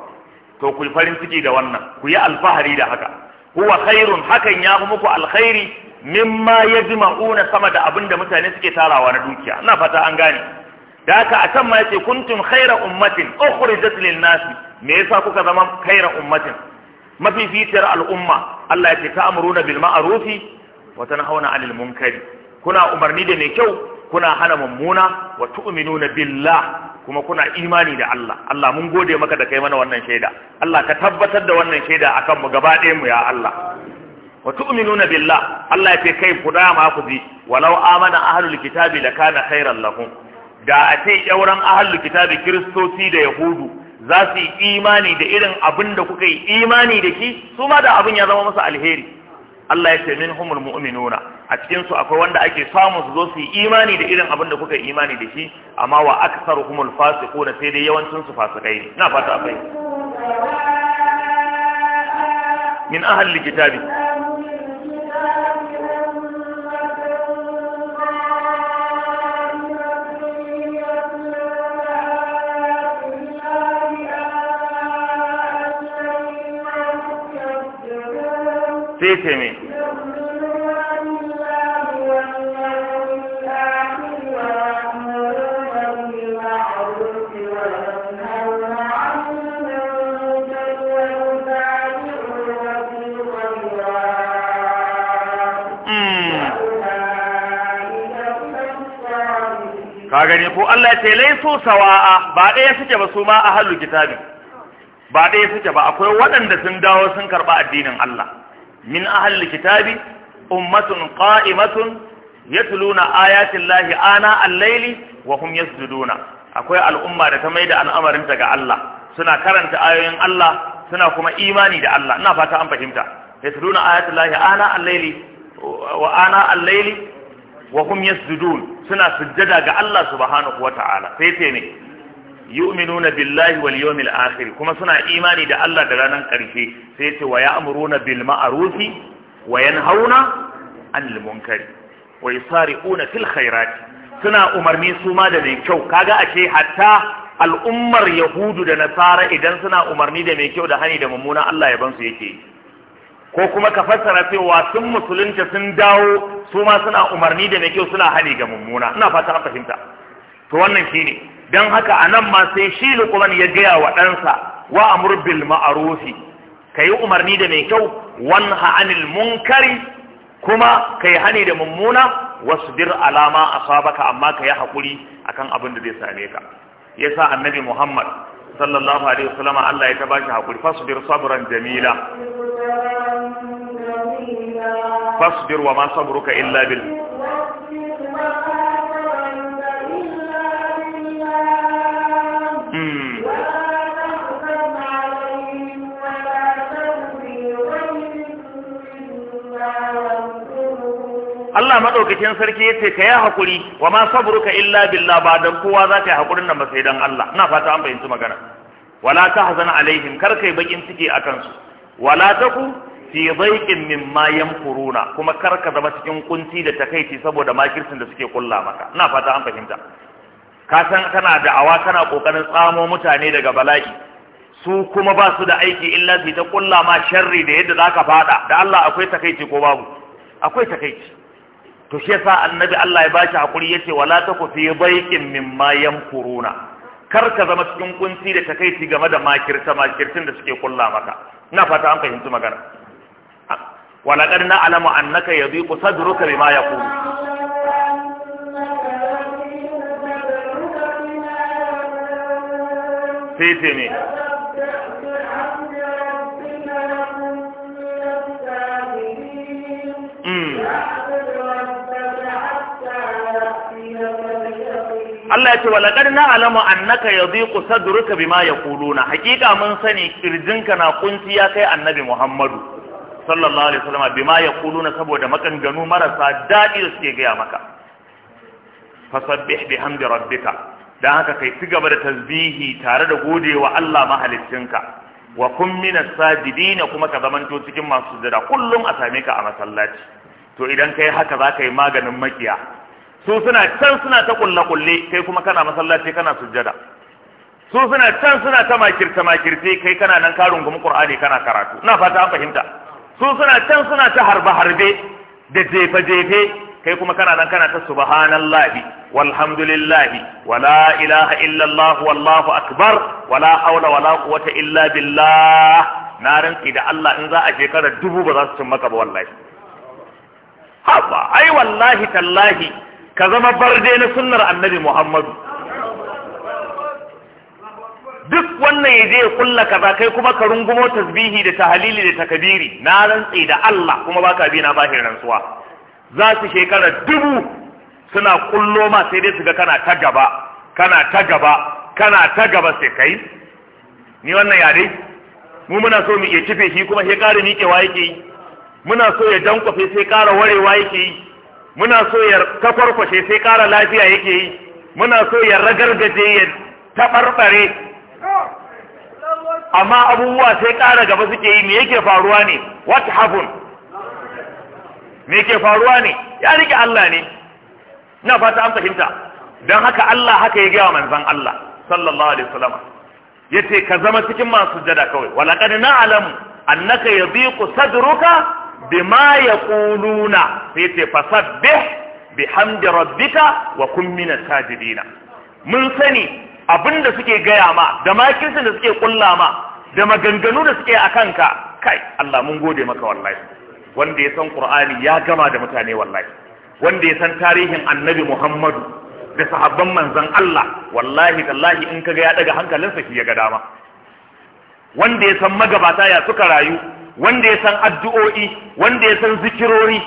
to ku farin ciki da wannan ku yi alfahari da haka huwa khairun hakan ya fi muku alkhairi mimma yajma'una sama da abinda mutane suke tarawa na dukiya ina fata an gane da haka a can ma yace kuntum khaira ummatin ukhrijat lin nas me yasa kuka zama khaira ummatin Mafi mafificiyar al'umma Allah ya ce ta ta'muruna bil ma'rufi wa tanhauna 'anil munkari kuna umarni da mai kyau kuna hana mummuna wa tu'minuna billah kuma kuna imani da Allah Allah mun gode maka da kai mana wannan shaida Allah ka tabbatar da wannan shaida akan mu gaba ɗayan mu ya Allah wa tu'minuna billah Allah ya ce kai ku da ma ku ji walau amana ahlul kitabi lakana khairan lahum da a ce yauran ahallu kitabi kiristoci da yahudu za su yi imani da irin abin da kuka yi imani da shi su ma da abin ya zama masa alheri Allah ya ce min humul mu'minuna a cikin su akwai wanda ake samu su zo su yi imani da irin abin da kuka yi imani da shi amma wa aksaru humul fasiquna sai dai yawancin su fasikai ne na fata akwai min ahalli kitabi sai mi. me hmm. ka gani ko Allah ce laisu sawa'a ba ɗaya suke ba su ma ahlul kitabi ba ɗaya suke ba akwai waɗanda sun dawo sun karɓa addinin Allah min ahlil kitabi ummatun qa'imatun yatluna ayatin lahi ana al-laili wa hum yasjuduna akwai al'umma da ta maida al'amarin ta ga Allah suna karanta ayoyin Allah suna kuma imani da Allah ina fata an fahimta yatluna ayatin lahi ana al-laili wa ana al-laili wa suna sujjada ga Allah subhanahu wata'ala sai ne yu'minuna billahi wal yawmil akhir kuma suna imani da Allah da ranar karshe sai ce wa ya'muruna bil ma'rufi wa yanhauna 'anil munkari wa yusari'una fil khairati suna umarni su ma da mai kyau kaga ashe hatta al'ummar yahudu da nasara idan suna umarni da mai kyau da hani da mummuna Allah ya bansu yake ko kuma ka fassara cewa sun musulunta sun dawo su ma suna umarni da mai kyau suna hani ga mummuna ina fata fahimta to wannan shine don haka a nan ma sai shi lukuman ya gaya wa ɗansa wa amur bil ma'arufi ka yi umarni da mai kyau wanha anil munkari kuma ka yi hani da mummuna wasbir alama a sabaka amma ka yi haƙuri akan abin da zai same ka yasa annabi muhammad sallallahu alaihi wasallam Allah ya ta bashi haƙuri fasbir sabran jamila fasbir wa ma sabruka illa bil. Allah madaukakin sarki yace ka yi hakuri wa ma sabruka illa billah ba dan kowa za ka yi haƙurin nan ba sai dan Allah ina fata an fahimci magana wala tahzan alaihim kar kai bakin ciki akan su wala taku fi min mimma yamkuruna kuma kar ka zama cikin kunci da takaici saboda makircin da suke kulla maka ina fata an fahimta ka san kana da awa kana kokarin tsamo mutane daga bala'i su kuma ba su da aiki illa su ta kulla ma sharri da yadda zaka fada da Allah akwai takaici ko babu akwai takaici to shi yasa annabi Allah ya bashi hakuri yace wala taku fi baikin mimma yamkuruna kar ka zama cikin kunci da takaici game da makirta makirtin da suke kulla maka ina fata an fahimci magana wala na alamu annaka yadhiqu sadruka bima yaqulu sai ne Allah ya ce wa laqad na'lamu annaka yadhiqu sadruka bima yaquluna hakika mun sani kirjinka na kunci ya kai annabi Muhammadu sallallahu alaihi wasallam bima yaquluna saboda makanganu marasa dadi da suke gaya maka fasabbih bihamdi rabbika dan haka kai ci gaba da tasbihi tare da godewa Allah mahaliccinka wa kun minas sajidin kuma ka zamanto cikin masu sujada kullum a same ka a masallaci to idan kai haka za ka yi maganin makiya su suna can suna ta kulle kulle kai kuma kana masallaci kana sujjada su suna can suna ta makirce makirce kai kana nan karin gumi qur'ani kana karatu ina fata an fahimta su suna can suna ta harbe harbe da jefe jefe kai kuma kana nan kana ta subhanallahi walhamdulillahi wala ilaha illallah wallahu akbar wala haula wala quwwata illa billah na rantsi da Allah in za a shekarar dubu ba za su cin maka ba wallahi haba ai wallahi tallahi ka zama barde na sunnar annabi muhammadu duk wannan ya je ya kulla kaza kai kuma ka rungumo tasbihi da tahalili da takabiri na rantsi da Allah kuma baka bi na bahin rantsuwa za su shekara dubu suna kullo ma sai dai su ga kana ta gaba kana ta gaba kana ta gaba sai kai ni wannan ya mu muna so mu iya cife shi kuma sai ke wa yake yi muna so ya dankwafe sai kara warewa yake yi muna so ya takwarkwashe sai ƙara lafiya yake yi muna so ya ragargaje ya taɓarɓare amma abubuwa sai ƙara gaba suke yi me yake faruwa ne what happened me yake faruwa ne ya rike Allah ne na fata an fahimta don haka Allah haka ya gaya manzon Allah sallallahu alaihi wasallam yace ka zama cikin masu jada kawai walaqad na'lamu annaka yadhiqu sadruka bima yaquluna sai ce bi hamdi rabbika wa kun sajidina mun sani abinda suke gaya ma da makinsu da suke kulla ma da maganganu da suke a kanka kai Allah mun gode maka wallahi wanda ya san Qur'ani ya gama da mutane wallahi wanda ya san tarihin Annabi Muhammadu da sahabban manzon Allah wallahi tallahi in kaga ya daga hankalinsa shi ya ga dama wanda ya san magabata ya suka rayu wanda ya san addu'o'i wanda ya san zikirori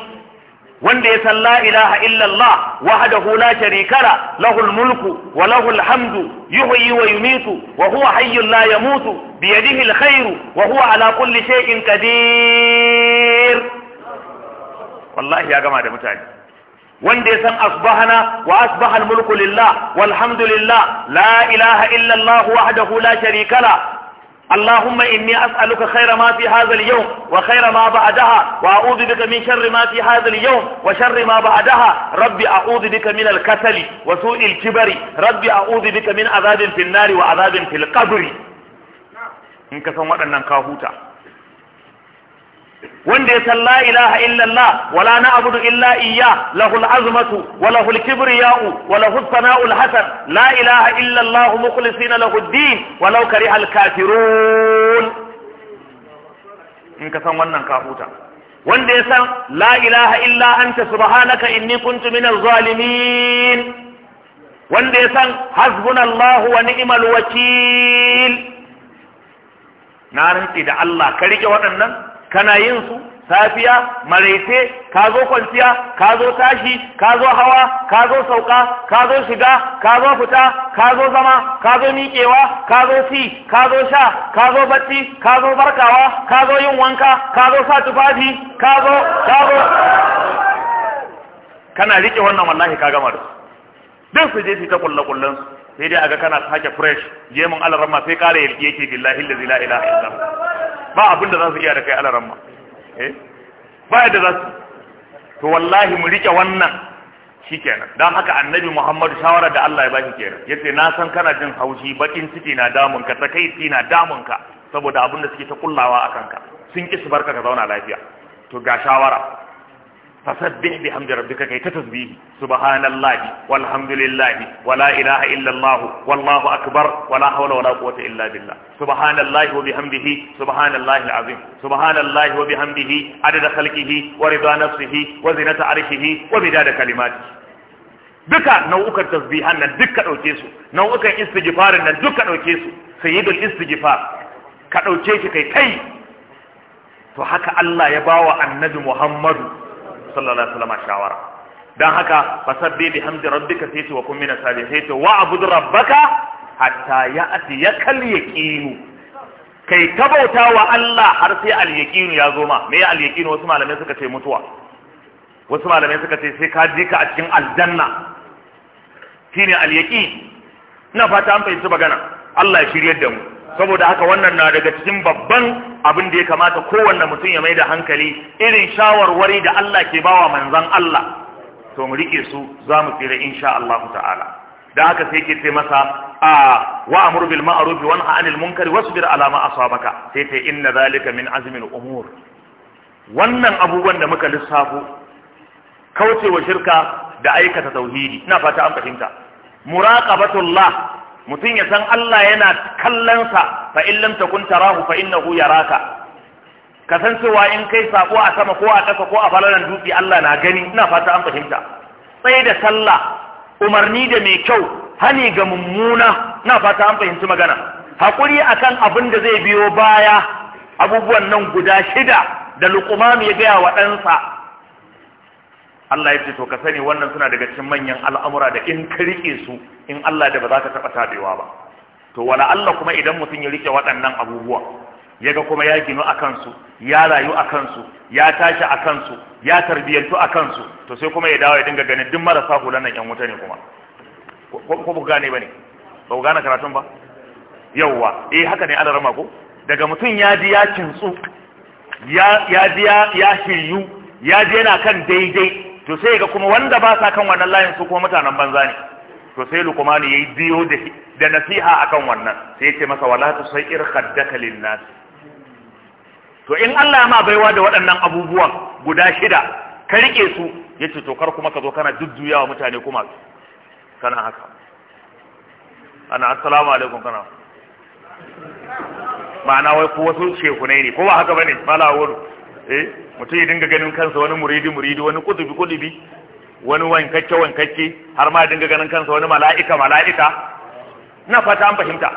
wanda ya san la ilaha illallah wahdahu la sharika la lahul mulku wa lahul hamdu yuhyi wa yumitu wa huwa hayyun la yamutu bi yadihi alkhairu wa huwa ala kulli shay'in qadir wallahi ya gama da mutane wanda ya san asbahana wa asbaha almulku lillah walhamdulillah la ilaha illallah wahdahu la sharika la اللهم إني أسألك خير ما في هذا اليوم وخير ما بعدها وأعوذ بك من شر ما في هذا اليوم وشر ما بعدها ربي أعوذ بك من الكسل وسوء الكبر ربي أعوذ بك من عذاب في النار وعذاب في القبر إنك سمعت أنك هوتا wanda ya san la ilaha illallah wala na'budu illa iyya lahul azmatu wa lahul kibriya'u wa lahus sana'ul hasan la ilaha illallah mukhlisina lahud din walau karihal kafirun in ka san wannan ka huta wanda ya san la ilaha illa anta subhanaka inni kuntu minaz zalimin wanda ya san hasbunallahu wa ni'mal wakil na rantsi da Allah ka rike waɗannan kana yin su safiya maraice ka zo kwanciya ka zo tashi ka zo hawa ka zo sauka ka zo shiga ka zo fita ka zo zama ka zo miƙewa ka zo ci ka zo sha ka zo bacci ka zo barkawa ka zo yin wanka ka zo sa tufafi ka zo ka zo kana riƙe wannan wallahi ka gama da su duk su je su ta kulle kullen su sai dai aga kana sake fresh gemun alaramma sai kare yake billahi allazi la ilaha illa ba abinda za su iya da kai alaramma eh ba yadda za su to wallahi mu rike wannan shikenan dan haka annabi Muhammadu, shawara da Allah ya bashi kenan yace na san kana jin haushi bakin ciki na damun ka takaici na damun ka saboda abinda suke ta kullawa akan ka sun ki su barka ka zauna lafiya to ga shawara fasabbih bihamdi rabbika kai ta tasbihi subhanallahi walhamdulillahi wala ilaha illa allah wallahu akbar wala hawla wala quwwata illa billah subhanallahi wa bihamdihi subhanallahi alazim subhanallahi wa bihamdihi adada khalqihi wa rida nafsihi wa zinata arshihi wa bidada kalimatihi duka nau'ukan tasbihan nan duka dauke su nau'ukan istighfarin nan duka dauke su sayyidul istighfar ka dauke shi kai kai to haka Allah ya bawa annabi Muhammadu sallallahu alaihi wasallam shawara dan haka fasabbi bihamdi rabbika sai ce wa kun min salihin wa abud rabbaka hatta ya'ti yakal yaqinu kai ta bauta wa Allah har sai al-yaqinu ya zo ma me al-yaqinu wasu malamai suka ce mutuwa wasu malamai suka ce sai ka je ka a cikin aljanna shine al-yaqin ina fata an fahimci magana Allah ya shiryar da mu saboda haka wannan na daga cikin babban abin da ya kamata kowanne mutum ya mai da hankali irin shawarwari da Allah ke bawa manzan Allah to mu rike su za mu tsira insha Allah ta'ala da haka sai ke ce masa a wa amur bil ma'ruf wa nahy anil munkar wasbir ala ma asabaka sai ce inna zalika min azmil umur wannan abubuwan da muka lissafo kaucewa shirka da aikata tauhidi ina fata an fahimta muraqabatullah mutum ya san Allah yana kallonsa fa in lam takun tarahu fa innahu yaraka ka san cewa in kai sako a sama ko a ƙasa ko a falalan dutse Allah na gani ina fata an fahimta tsaye da sallah umarni da mai kyau hani ga mummuna ina fata an fahimci magana hakuri akan abin da zai biyo baya abubuwan nan guda shida da luqman ya gaya wa ɗansa Allah ya ce to ka sani wannan suna daga cikin manyan al'amura da in ka rike su in Allah da ba za ka taɓa tabewa ba to wala Allah kuma idan mutum ya rike waɗannan abubuwa yaga ga kuma ya ginu a kansu ya rayu a kansu ya tashi a kansu ya tarbiyyantu a kansu to sai kuma ya dawo ya dinga ganin duk marasa hulan nan yan wuta ne kuma ko ku gane ba ne ba ku gane karatun ba yauwa eh haka ne ana rama ko daga mutum ya ji ya kintsu ya ya ya ya shiryu ya ji yana kan daidai to sai ga kuma wanda ba sa kan wannan layin su kuma mutanen banza ne to sai lukumani yayi biyo da da nasiha akan wannan sai yace masa wala tusair khaddaka linnas to in Allah ma baiwa da waɗannan abubuwan guda shida ka rike su yace to kar kuma ka zo kana jujjuyawa mutane kuma kana haka ana assalamu alaikum kana ma'ana wai ko wasu shekunai ne ko ba haka bane mala wuri eh mutum ya dinga ganin kansa wani muridi muridi wani kudubi kudubi wani wankacce wankacce har ma dinga ganin kansa wani mala'ika mala'ika na fata an fahimta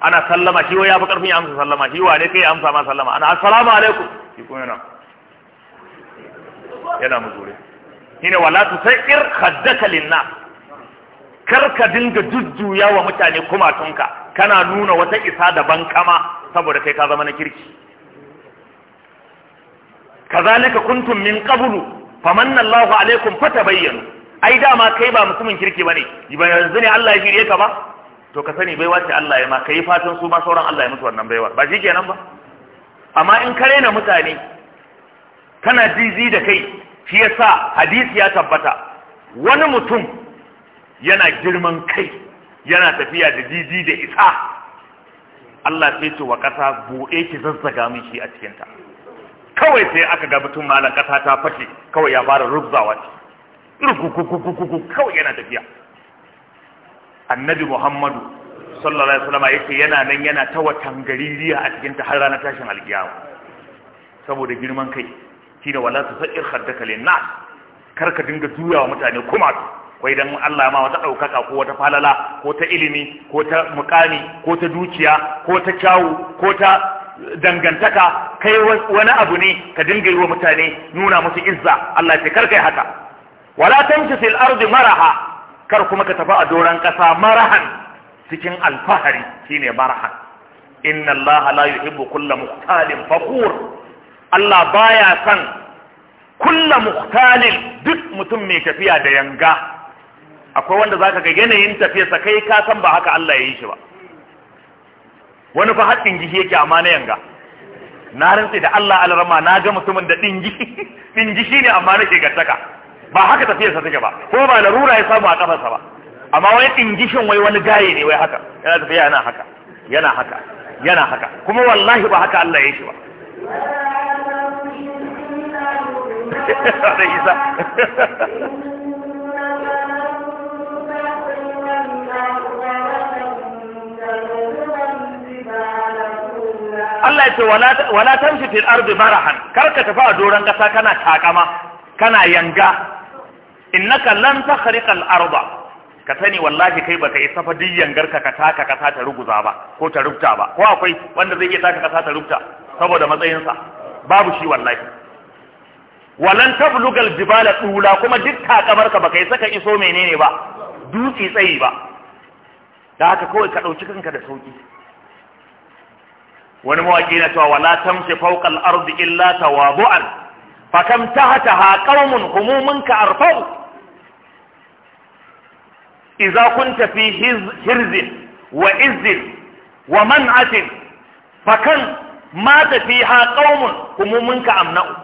ana sallama shi ya fi karfin ya amsa sallama shi ne kai amsa ma sallama ana assalamu alaikum shi kuma yana yana muzure shine wala tusair khaddaka linnas kar ka dinga jujjuya wa mutane kuma tunka kana nuna wata isa daban kama saboda kai ka zama na kirki kazalika kuntum min qablu famanna Allahu alaikum fatabayyanu ai dama kai ba mutumin kirki bane ba yanzu ne Allah ya shirye ka ba to ka sani baiwa ce Allah ya ma kai fatan su ma sauran Allah ya mutu wannan baiwa ba shikenan ba amma in ka rena mutane kana jizi da kai shi yasa hadisi ya tabbata wani mutum yana girman kai yana tafiya da jiji da isa Allah sai ce wa kasa buɗe ki zazzaga min a cikin ta. kawai sai aka ga mutum malam kasa ta fashe kawai ya fara rubzawa rukukukukuku kawai yana tafiya annabi muhammadu sallallahu alaihi wasallam yake yana nan yana ta watan gaririya a cikin ta har rana tashin alkiyama saboda girman kai shine wala tusair khaddaka lin nas kar ka dinga juyawa mutane kuma kai dan Allah ma wata daukaka ko wata falala ko ta ilimi ko ta mukami ko ta dukiya ko ta kyawu ko ta dangantaka kai wani abu ne ka dinga yi wa mutane nuna musu izza Allah ce kar yi haka wala tamshi fil ardi maraha kar kuma ka tafi a doran kasa marahan cikin alfahari shine marahan inna Allah la yuhibbu kulla muhtalin fakhur Allah baya san kulla muhtalin duk mutum mai tafiya da yanga akwai wanda zaka ga yanayin tafiyarsa kai ka san ba haka Allah ya yi shi ba wani fa har gishi yake amma na yanga na rantsi da Allah alarama na ga mutumin da dingishi dingishi ne amma nake gattaka ba haka sa take ba ko ba larura ya samu a kafarsa ba amma wai dingishin wai wani gaye ne wai haka yana tafiya yana haka yana haka yana haka kuma wallahi ba haka Allah ya shi ba Sai isa Allah ya ce wala tamshi fil ardi marahan kar ka tafi a doron kasa kana takama kana yanga innaka lan takhriqa al arda ka sani wallahi kai baka isa fa duk yangar ka ka taka kasa ta ruguza ba ko ta rubta ba ko akwai wanda zai iya taka kasa ta rubta saboda sa babu shi wallahi walan tabluga al jibala tula kuma duk takamar ka baka isa ka iso menene ba dutsi tsayi ba da haka kawai ka dauki kanka da sauki wani mawaƙi na cewa wala tamshi fawqa al-ardi illa tawadu'an fa kam tahataha qaumun humumun ka arfau idza kunta fi hirzin wa izzin wa man'atin fa kan mata fiha qaumun humumun ka amna'u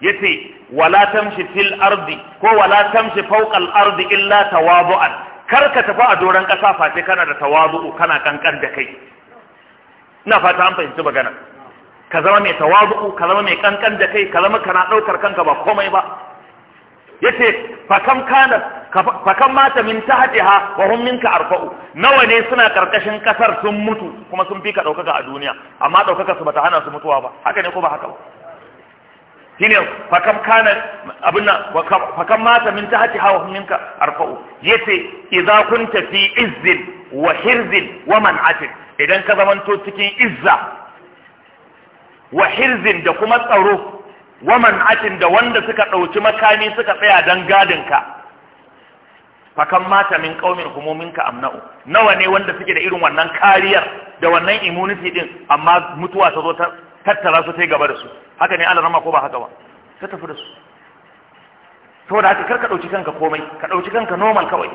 yace wala tamshi fil ardi ko wala tamshi fawqa al-ardi illa tawadu'an kar ka tafi a doron ƙasa face kana da tawadu'u kana kankan da kai ina fata an fahimci magana ka zama mai tawazu'u ka zama mai kankan da kai ka zama kana daukar kanka ba komai ba yace fakam kana fakam mata min tahtiha wa hum minka arfa'u nawa ne suna karkashin kasar sun mutu kuma sun fi ka daukaka a duniya amma daukaka su bata hana su mutuwa ba haka ne ko ba haka ba shine fakam kana abin nan fakam mata min tahtiha wa hum minka arfa'u yace idza kunta fi izzin wa hirzin wa man'atin idan ka zamanto cikin izza wa hirzin da kuma tsaro wa man'atin da wanda suka ɗauki makami suka tsaya don gadinka fakan mata min ƙaumin ka amna'u nawa ne wanda suke da irin wannan kariyar da wannan immunity din amma mutuwa ta zo ta tattara su ta gaba da su haka ne alarama ko ba haka ba ta tafi da su saboda haka kar ka ɗauki kanka komai ka ɗauki kanka normal kawai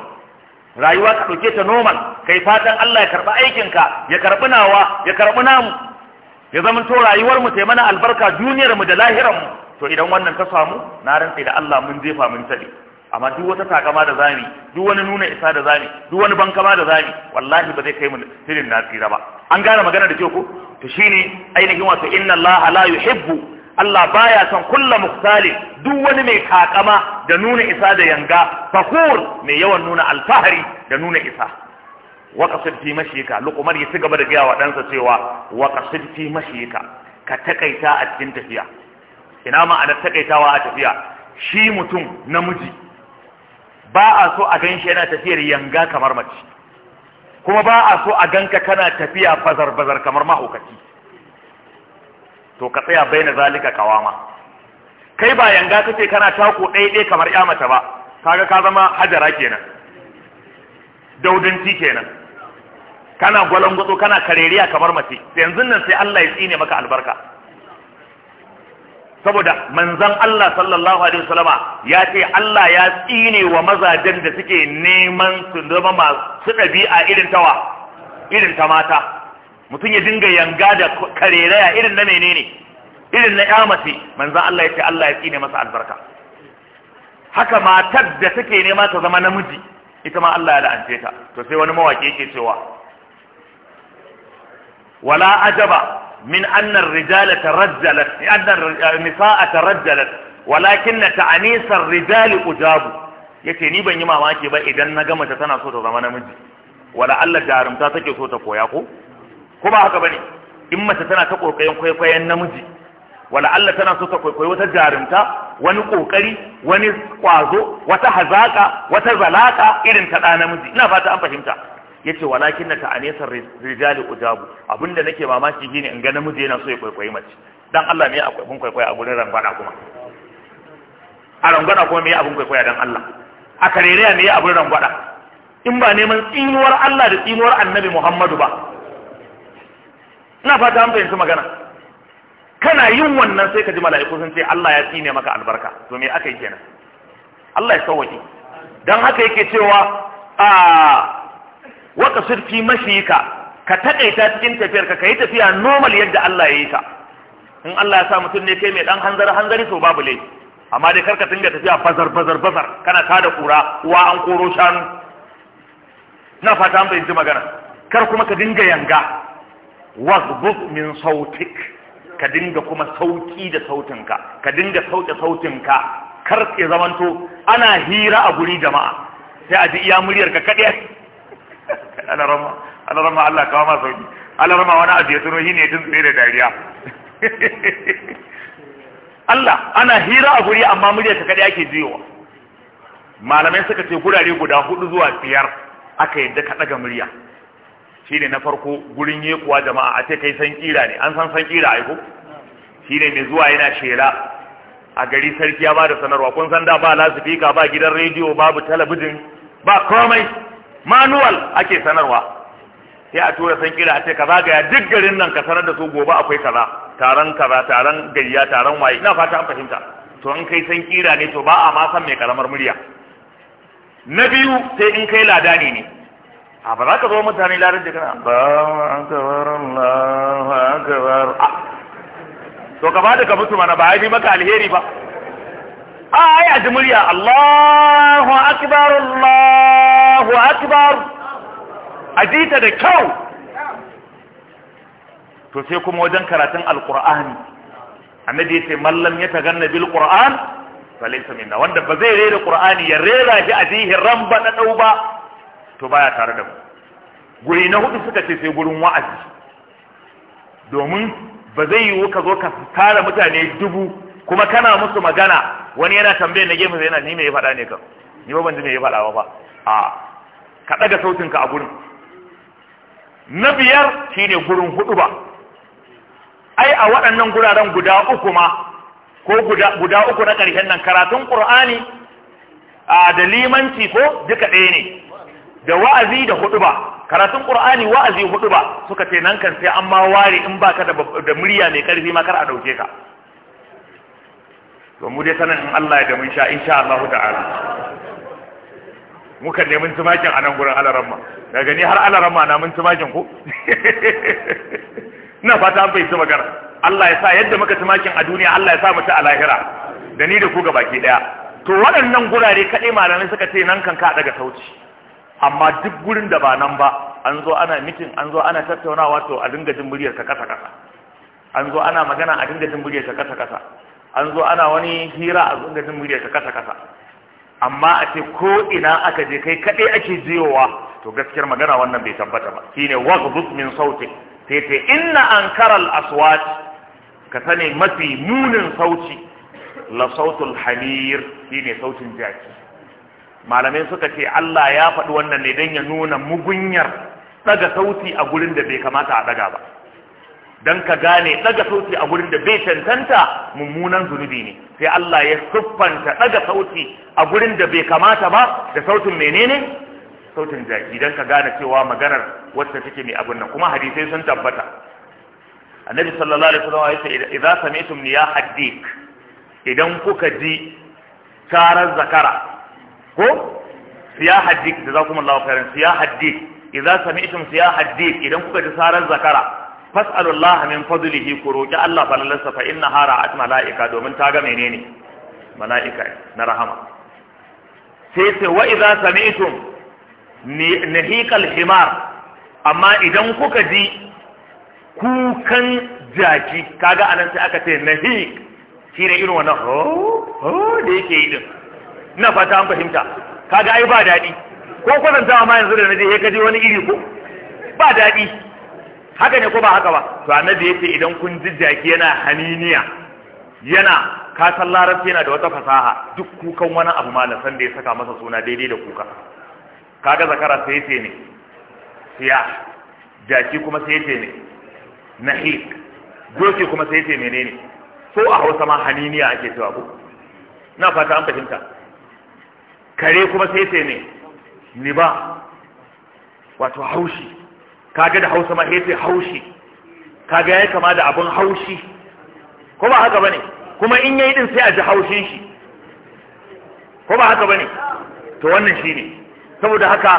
rayuwa ka ɗauke ta normal kai fatan Allah ya karɓi aikinka ya karɓi nawa ya karɓi namu ya zama to rayuwar mu mana albarka duniyar mu da lahirar mu to idan wannan ta samu na rantsa da Allah mun jefa mun tade amma duk wata takama da zani duk wani nuna isa da zani duk wani bankama da zani wallahi ba zai kai mu sirrin nasira ba an gane magana da ke ko to shine ainihin wato inna Allah la yuhibbu Allah baya son kulla muktali duk wani mai kakama da nuna isa da yanga fakur mai yawan nuna alfahari da nuna isa wa qasid fi mashika luqman ya ci gaba da gaya wa ɗansa cewa wa qasid fi mashika ka takaita a cikin tafiya ina ma ana takaitawa a tafiya shi mutum namiji ba a so a gan shi yana tafiyar yanga kamar mace kuma ba a so a ganka kana tafiya bazar bazar kamar mahaukaci to ka tsaya baina zalika kawama kai ba yanga kake kana tako ɗaiɗai kamar ya mace ba kaga ka zama hajara kenan daudanci kenan kana gwalon gwalangwatso kana kareriya kamar mace yanzu nan sai Allah ya tsine maka albarka saboda manzon Allah sallallahu alaihi wasallama ya ce Allah ya tsine wa mazajen da suke neman su zama masu ɗabi'a irin tawa irin ta mata mutum ya dinga yanga da kareraya irin na menene irin na yamace manzan Allah ya ce Allah ya tsine masa albarka haka matar da take nema ta zama namiji ita ma Allah ya la'ance ta to sai wani mawaki yake cewa wala ajaba min anna ar-rijala tarajjalat anna an-nisaa tarajjalat walakin ta'anisa ar-rijali ujabu yace ni ban yi mamaki ba idan na ga mace tana so ta zama namiji wala Allah jarumta take so ta koya ko ko ba haka bane in mace tana ta kokarin kwaikwayon namiji wala Allah tana so ta kwaikwayi wata jarumta wani kokari wani kwazo wata hazaka wata zalaka irin ta da namiji ina fata an fahimta yace walakin na ta'anisa rijali ujabu abinda nake mamaki shine in ga namiji yana so ya kwaikwayi mace dan Allah me akwai kun kwaikwaya a gurin rangwada kuma a rangwada kuma me abin kwaikwaya dan Allah a ne me abin rangwada in ba neman tsinuwar Allah da tsinuwar Annabi Muhammadu ba ina fata an fahimci magana kana yin wannan sai ka ji mala'iku sun ce Allah ya tsine maka albarka to me aka yi kenan Allah ya sauwaki dan haka yake cewa a waka sirfi mashika ka takaita cikin tafiyar ka kai tafiya normal yadda Allah ya yi ka in Allah ya sa mutum ne kai mai dan hanzari hanzari to babu lai amma dai karka dinga tafiya bazar bazar bazar kana tada kura uwa an koro shanu na fata an bai ji magana kar kuma ka dinga yanga wagbuk min sautik ka dinga kuma sauki da sautinka ka dinga sauke sautinka kar ke zamanto ana hira a guri jama'a sai a ji iya muryar ka kaɗe ana rama Allah kawo ma sauki ana rama wani a jesu no ne tun tsere dariya Allah ana hira a guri amma muryar ka kaɗe ake jiyowa malamai suka ce gurare guda hudu zuwa biyar aka yadda ka ɗaga murya Shi ne na farko gurin yekuwa jama'a a ce kai san kira ne an san san kira aiko ne mai zuwa yana shera. a gari sarki ya ba da sanarwa kun san da ba lasifika ba gidan rediyo babu talabijin ba komai manual ake sanarwa sai a tura san kira a ce kaza ga duk garin nan ka sanar da su gobe akwai kaza taron kaza taron gayya taron waye ina fata an fahimta to an kai san kira ne to ba a ma san mai karamar murya na biyu sai in kai ladani ne a ba za ka zo mutane larin da kana ba akabar Allah akabar to ka bada ka mutu mana ba ai maka alheri ba a ai a jumuriya Allahu akbar Allahu akbar ta da kyau to sai kuma wajen karatun Alƙur'ani, annabi ya ce mallam ya ta ganna bil qur'an wanda ba zai rera ƙur'ani ya rera shi a jihin ran na dau ba to baya tare da mu guri na hudu suka ce sai gurin wa'azi domin ba zai yiwu ka zo ka tara mutane dubu kuma kana musu magana wani yana tambayar na gefe yana ni me ya faɗa ne kan ni ba ban ji me ya faɗa ba a ka ɗaga sautinka a gurin na biyar shine gurin hudu ba ai a waɗannan guraren guda uku ma ko guda uku na ƙarshen nan karatun ƙur'ani a da limanci ko duka ɗaya ne da wa'azi da ba, karatun qur'ani wa'azi ba suka ce nan kan sai an ma ware in baka da da murya mai karfi ma kar a dauke ka to mu dai sanan in Allah ya da mun sha insha Allah ta'ala muka ne mun tumakin a gurin alaramma daga ni har alaramma na mun tumakin ku? ina fata an fahimci magana Allah ya sa yadda muka tumakin a duniya Allah ya sa mu ta a lahira da ni da ku gaba baki daya to waɗannan gurare kaɗai malamai suka ce nan kan ka daga sauci amma duk gurin da ba nan ba an zo ana mitin an zo ana tattaunawa to a dinga jin muryar ka kasa kasa an zo ana magana a dinga jin muryar ka kasa kasa an zo ana wani hira a dinga jin muryar ka kasa kasa amma a ce ko ina aka je kai kaɗai ake jiyowa to gaskiyar magana wannan bai tabbata ba shine waghdud min sauti tete inna al aswat ka sani mafi munin sauti la sautul hamir shine sautin jaki malamai suka ce Allah ya faɗi wannan ne don ya nuna mugunyar ɗaga sauti a gurin da bai kamata a ɗaga ba don ka gane ɗaga sauti a gurin da bai cancanta mummunan zunubi ne sai Allah ya siffanta ɗaga sauti a gurin da bai kamata ba da sautin menene sautin jaki don ka gane cewa maganar wacce take mai abin nan kuma hadisai sun tabbata annabi sallallahu alaihi wasallam ya ce idza sami'tum haddik idan kuka ji karar zakara ko siyahar dik da za kuma Allah khairan siyahar dik idan sami'tum siyahar dik idan kuka ji sarar zakara fas'alu Allah min fadlihi ku roki Allah falalarsa fa inna hara at malaika domin ta ga menene malaika na rahama sai sai wa idan sami'tum nahiqal himar amma idan kuka ji kukan jaki kaga anan sai aka ce nahiq shi ne irin wannan ho oh, oh, ho da yake yi din ina fata an fahimta kaga ai ba daɗi ko kwatantawa ma yanzu da na je ka je wani iri ko ba daɗi haka ne ko ba haka ba to annabi yace idan kun ji jaki yana haniniya yana ka san larabci yana da wata fasaha duk kukan wani abu malam san da ya saka masa suna daidai da kuka kaga zakara sai yace ne siya jaki kuma sai yace ne nahi doki kuma sai yace menene so a Hausa ma haniniya ake cewa ko na fata an fahimta kare kuma sai sai ne niba. wato haushi kaga da hausa ma sai haushi kaga yayi kama da abun haushi ko ba haka bane kuma in yayi din sai a ji haushin shi ko ba haka bane to wannan shine saboda haka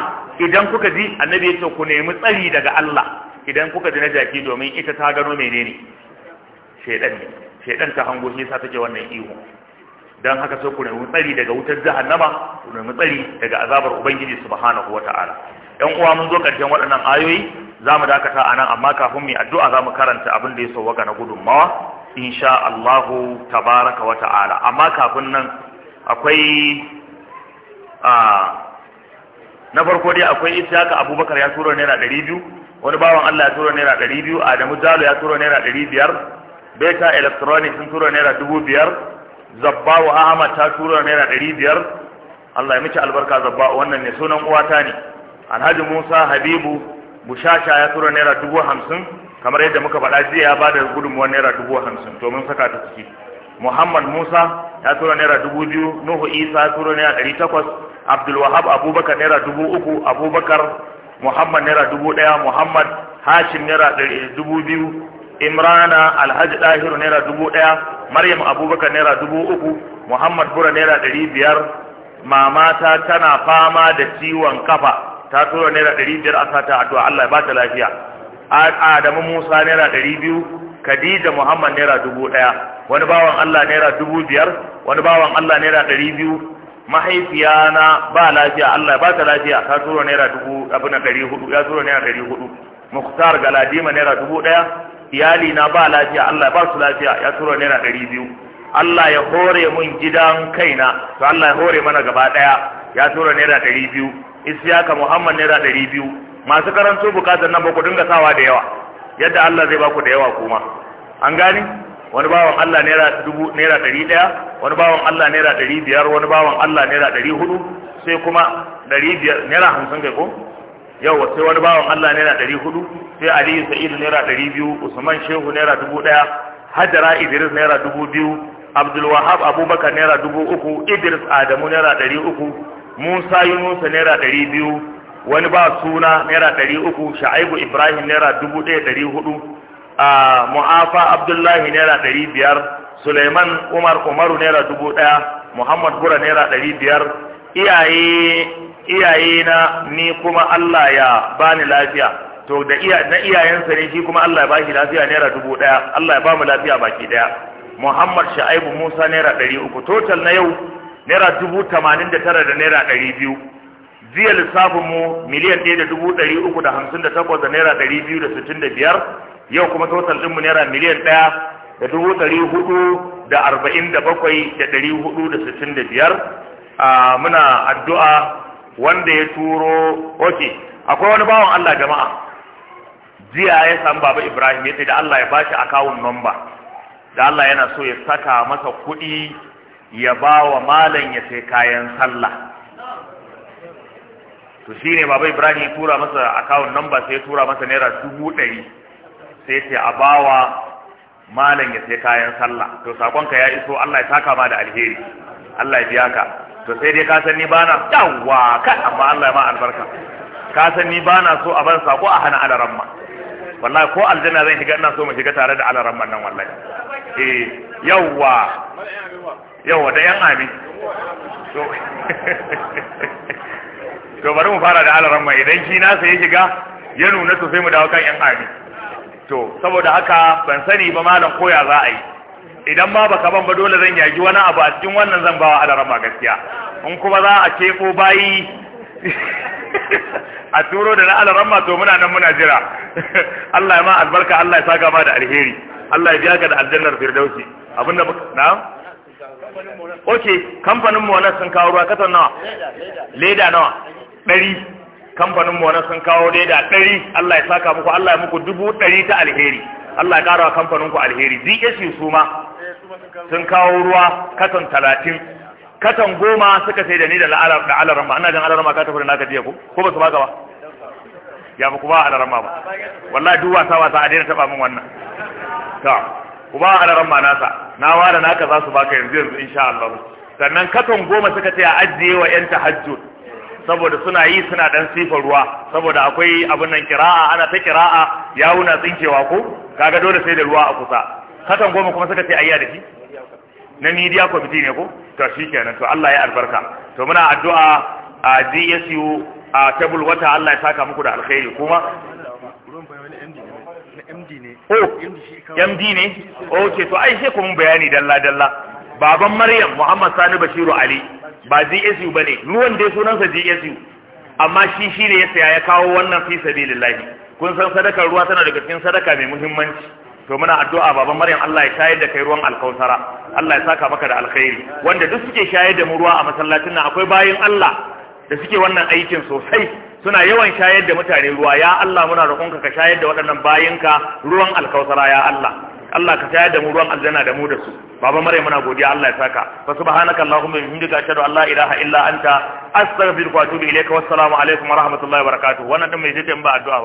idan kuka ji annabi ya ce ku nemi tsari daga Allah idan kuka ji na jaki domin ita ta gano menene shedan ne shedan ta hango shi yasa take wannan ihu don haka sai ku nemi tsari daga wutar jahannama ku nemi tsari daga azabar ubangiji subhanahu wata'ala yan uwa mun zo karshen waɗannan ayoyi za mu dakata a nan amma kafin mu addu'a za mu karanta abin da ya ga na gudunmawa insha Allahu tabaraka wa ta'ala amma kafin nan akwai a na farko dai akwai Ishaka Abubakar ya tura naira biyu, wani bawan Allah ya tura naira biyu, Adamu Jalo ya tura naira biyar, Beta Electronics sun tura naira dubu biyar. zabba'u ahmad ta tura naira ɗari biyar allah ya miki albarka zabba'u wannan ne sunan uwata ne alhaji musa habibu bushasha ya tura naira dubu hamsin kamar yadda muka faɗa jiya ya bada gudunmuwar naira dubu hamsin domin saka ta ciki muhammad musa ya tura naira dubu biyu nuhu isa ya tura naira ɗari takwas wahab abubakar naira dubu uku abubakar muhammad naira dubu ɗaya muhammad hashim naira dubu biyu imrana alhaji dahiru naira dubu daya maryam abubakar naira dubu uku muhammad bura naira dari biyar mamata tana fama da ciwon kafa ta tura naira dari biyar a sata addu'a allah ya bata lafiya adamu musa naira dari biyu khadija muhammad naira dubu daya wani bawan allah naira dubu biyar wani bawan allah naira dari biyu mahaifiya na ba lafiya Allah ya bata lafiya ta tura naira dubu abin ɗari hudu ya tura naira dari hudu muktar galadima naira dubu daya. iyali na ba lafiya Allah ba su lafiya ya turo naira ɗari biyu Allah ya hore mun gidan kaina to Allah ya hore mana gaba ɗaya ya turo naira ɗari biyu isiyaka muhammad naira ɗari biyu masu karanto bukatar nan ba ku dinga sawa da yawa yadda Allah zai ba ku da yawa kuma an gani wani bawan Allah naira dubu naira ɗari ɗaya wani bawan Allah naira ɗari biyar wani bawan Allah naira ɗari hudu sai kuma ɗari biyar naira hamsin kai ko yawa sai wani bawan Allah naira ɗari hudu sai Aliyu Sa'idu naira ɗari biyu Usman Shehu naira dubu ɗaya Hajara Idris naira dubu biyu Abdul Abubakar naira dubu uku Idris Adamu naira ɗari uku Musa Yunusa naira ɗari biyu wani ba suna naira ɗari uku Sha'ibu Ibrahim naira dubu ɗaya ɗari hudu Mu'afa Abdullahi naira ɗari biyar Suleiman Umar Umaru naira dubu ɗaya Muhammad Bura naira ɗari biyar iyaye iyayena ni kuma Allah ya bani lafiya to da iya na iyayensa ne shi kuma Allah ya bashi lafiya naira dubu ɗaya Allah ya bamu lafiya baki ɗaya Muhammad Sha'ibu Musa naira ɗari uku total na yau naira dubu tamanin da tara da naira ɗari biyu jiya lissafin mu miliyan ɗaya da dubu ɗari uku da hamsin da takwas da naira ɗari biyu da sittin da biyar yau kuma total ɗinmu naira miliyan ɗaya da dubu ɗari hudu da arba'in da bakwai da ɗari hudu da sittin da biyar ah, muna addu'a wanda ya turo oke akwai wani bawan Allah jama'a jiya ya samu baba Ibrahim ya da Allah ya bashi akawun nomba da Allah yana so ya saka masa kuɗi ya ba wa malam ya sai kayan sallah to shi ne baba Ibrahim ya tura masa akawun nomba sai ya tura masa naira dubu ɗari sai ce a ba wa malam ya sai kayan sallah to sakonka ya iso Allah ya saka ma da alheri Allah ya biya ka to sai dai ka ni bana yawwa kai amma Allah ya ma albarka ka ni bana so a ban sako a hana alaran ma wallahi ko aljanna zan shiga ina so mu shiga tare da alaran man nan wallahi eh yawa yawa da yan ami to to bari mu fara da alaran ma idan shi na sai shiga ya nuna to sai mu dawo kan yan ami to saboda haka ban sani ba malam koya za a yi idan ma baka ban ba dole zan yagi wani abu a cikin wannan zan bawa alarama gaskiya in kuma za a keko bayi a turo da na alarama to muna nan muna jira Allah ya ma albarka Allah ya saka ma da alheri Allah ya biya ka da aljannar firdausi abinda na Oke, kamfanin mu wannan sun kawo ruwa katon nawa? Leda nawa? Ɗari. Kamfanin mu wannan sun kawo leda ɗari. Allah ya saka muku, Allah ya muku dubu ɗari ta alheri. Allah ya ƙara kamfaninku alheri. DSU su ma, sun kawo ruwa katon talatin katon goma suka sai da ni da alarama ana jan alarama ka tafi da naka jiya ko ko ba su baka ba ya ba ku ba alarama ba wallahi duk wasa wasa a daina taba min wannan to ku ba alarama nasa na ware naka za su baka yanzu yanzu insha Allah sannan katon goma suka ce a ajiye wa yan tahajjud saboda suna yi suna dan sifa ruwa saboda akwai abin nan kira'a ana ta kira'a yawuna tsinkewa ko kaga dole sai da ruwa a kusa katon goma kuma suka ce ayya da shi na media committee ne ko to kenan. to Allah ya albarka to muna addu'a a DSU a table wata Allah ya saka muku da alkhairi kuma oh, MD ne M.D ne? okay to ai sai kuma bayani dalla dalla baban Maryam Muhammad Sani Bashiru Ali ba GSU bane ruwan dai sunansa GSU amma shi shi ne ya saya ya kawo wannan fi sabilillahi kun san sadakar ruwa tana daga cikin sadaka mai muhimmanci to muna addu'a baban maryam Allah ya shayar da kai ruwan alkausara Allah ya saka maka da alkhairi wanda duk suke shayar da mu ruwa a masallacin nan akwai bayin Allah da suke wannan aikin sosai suna yawan shayar da mutane ruwa ya Allah muna roƙonka ka shayar da waɗannan bayinka ruwan alkausara ya Allah Allah ka shayar da mu ruwan aljanna da mu da su baba maryam muna godiya Allah ya saka fa subhanaka allahumma bihamdika ashhadu an la ilaha illa anta astaghfiruka wa atubu ilayka assalamu alaikum wa rahmatullahi wa barakatuh wannan din mai jikin ba addu'a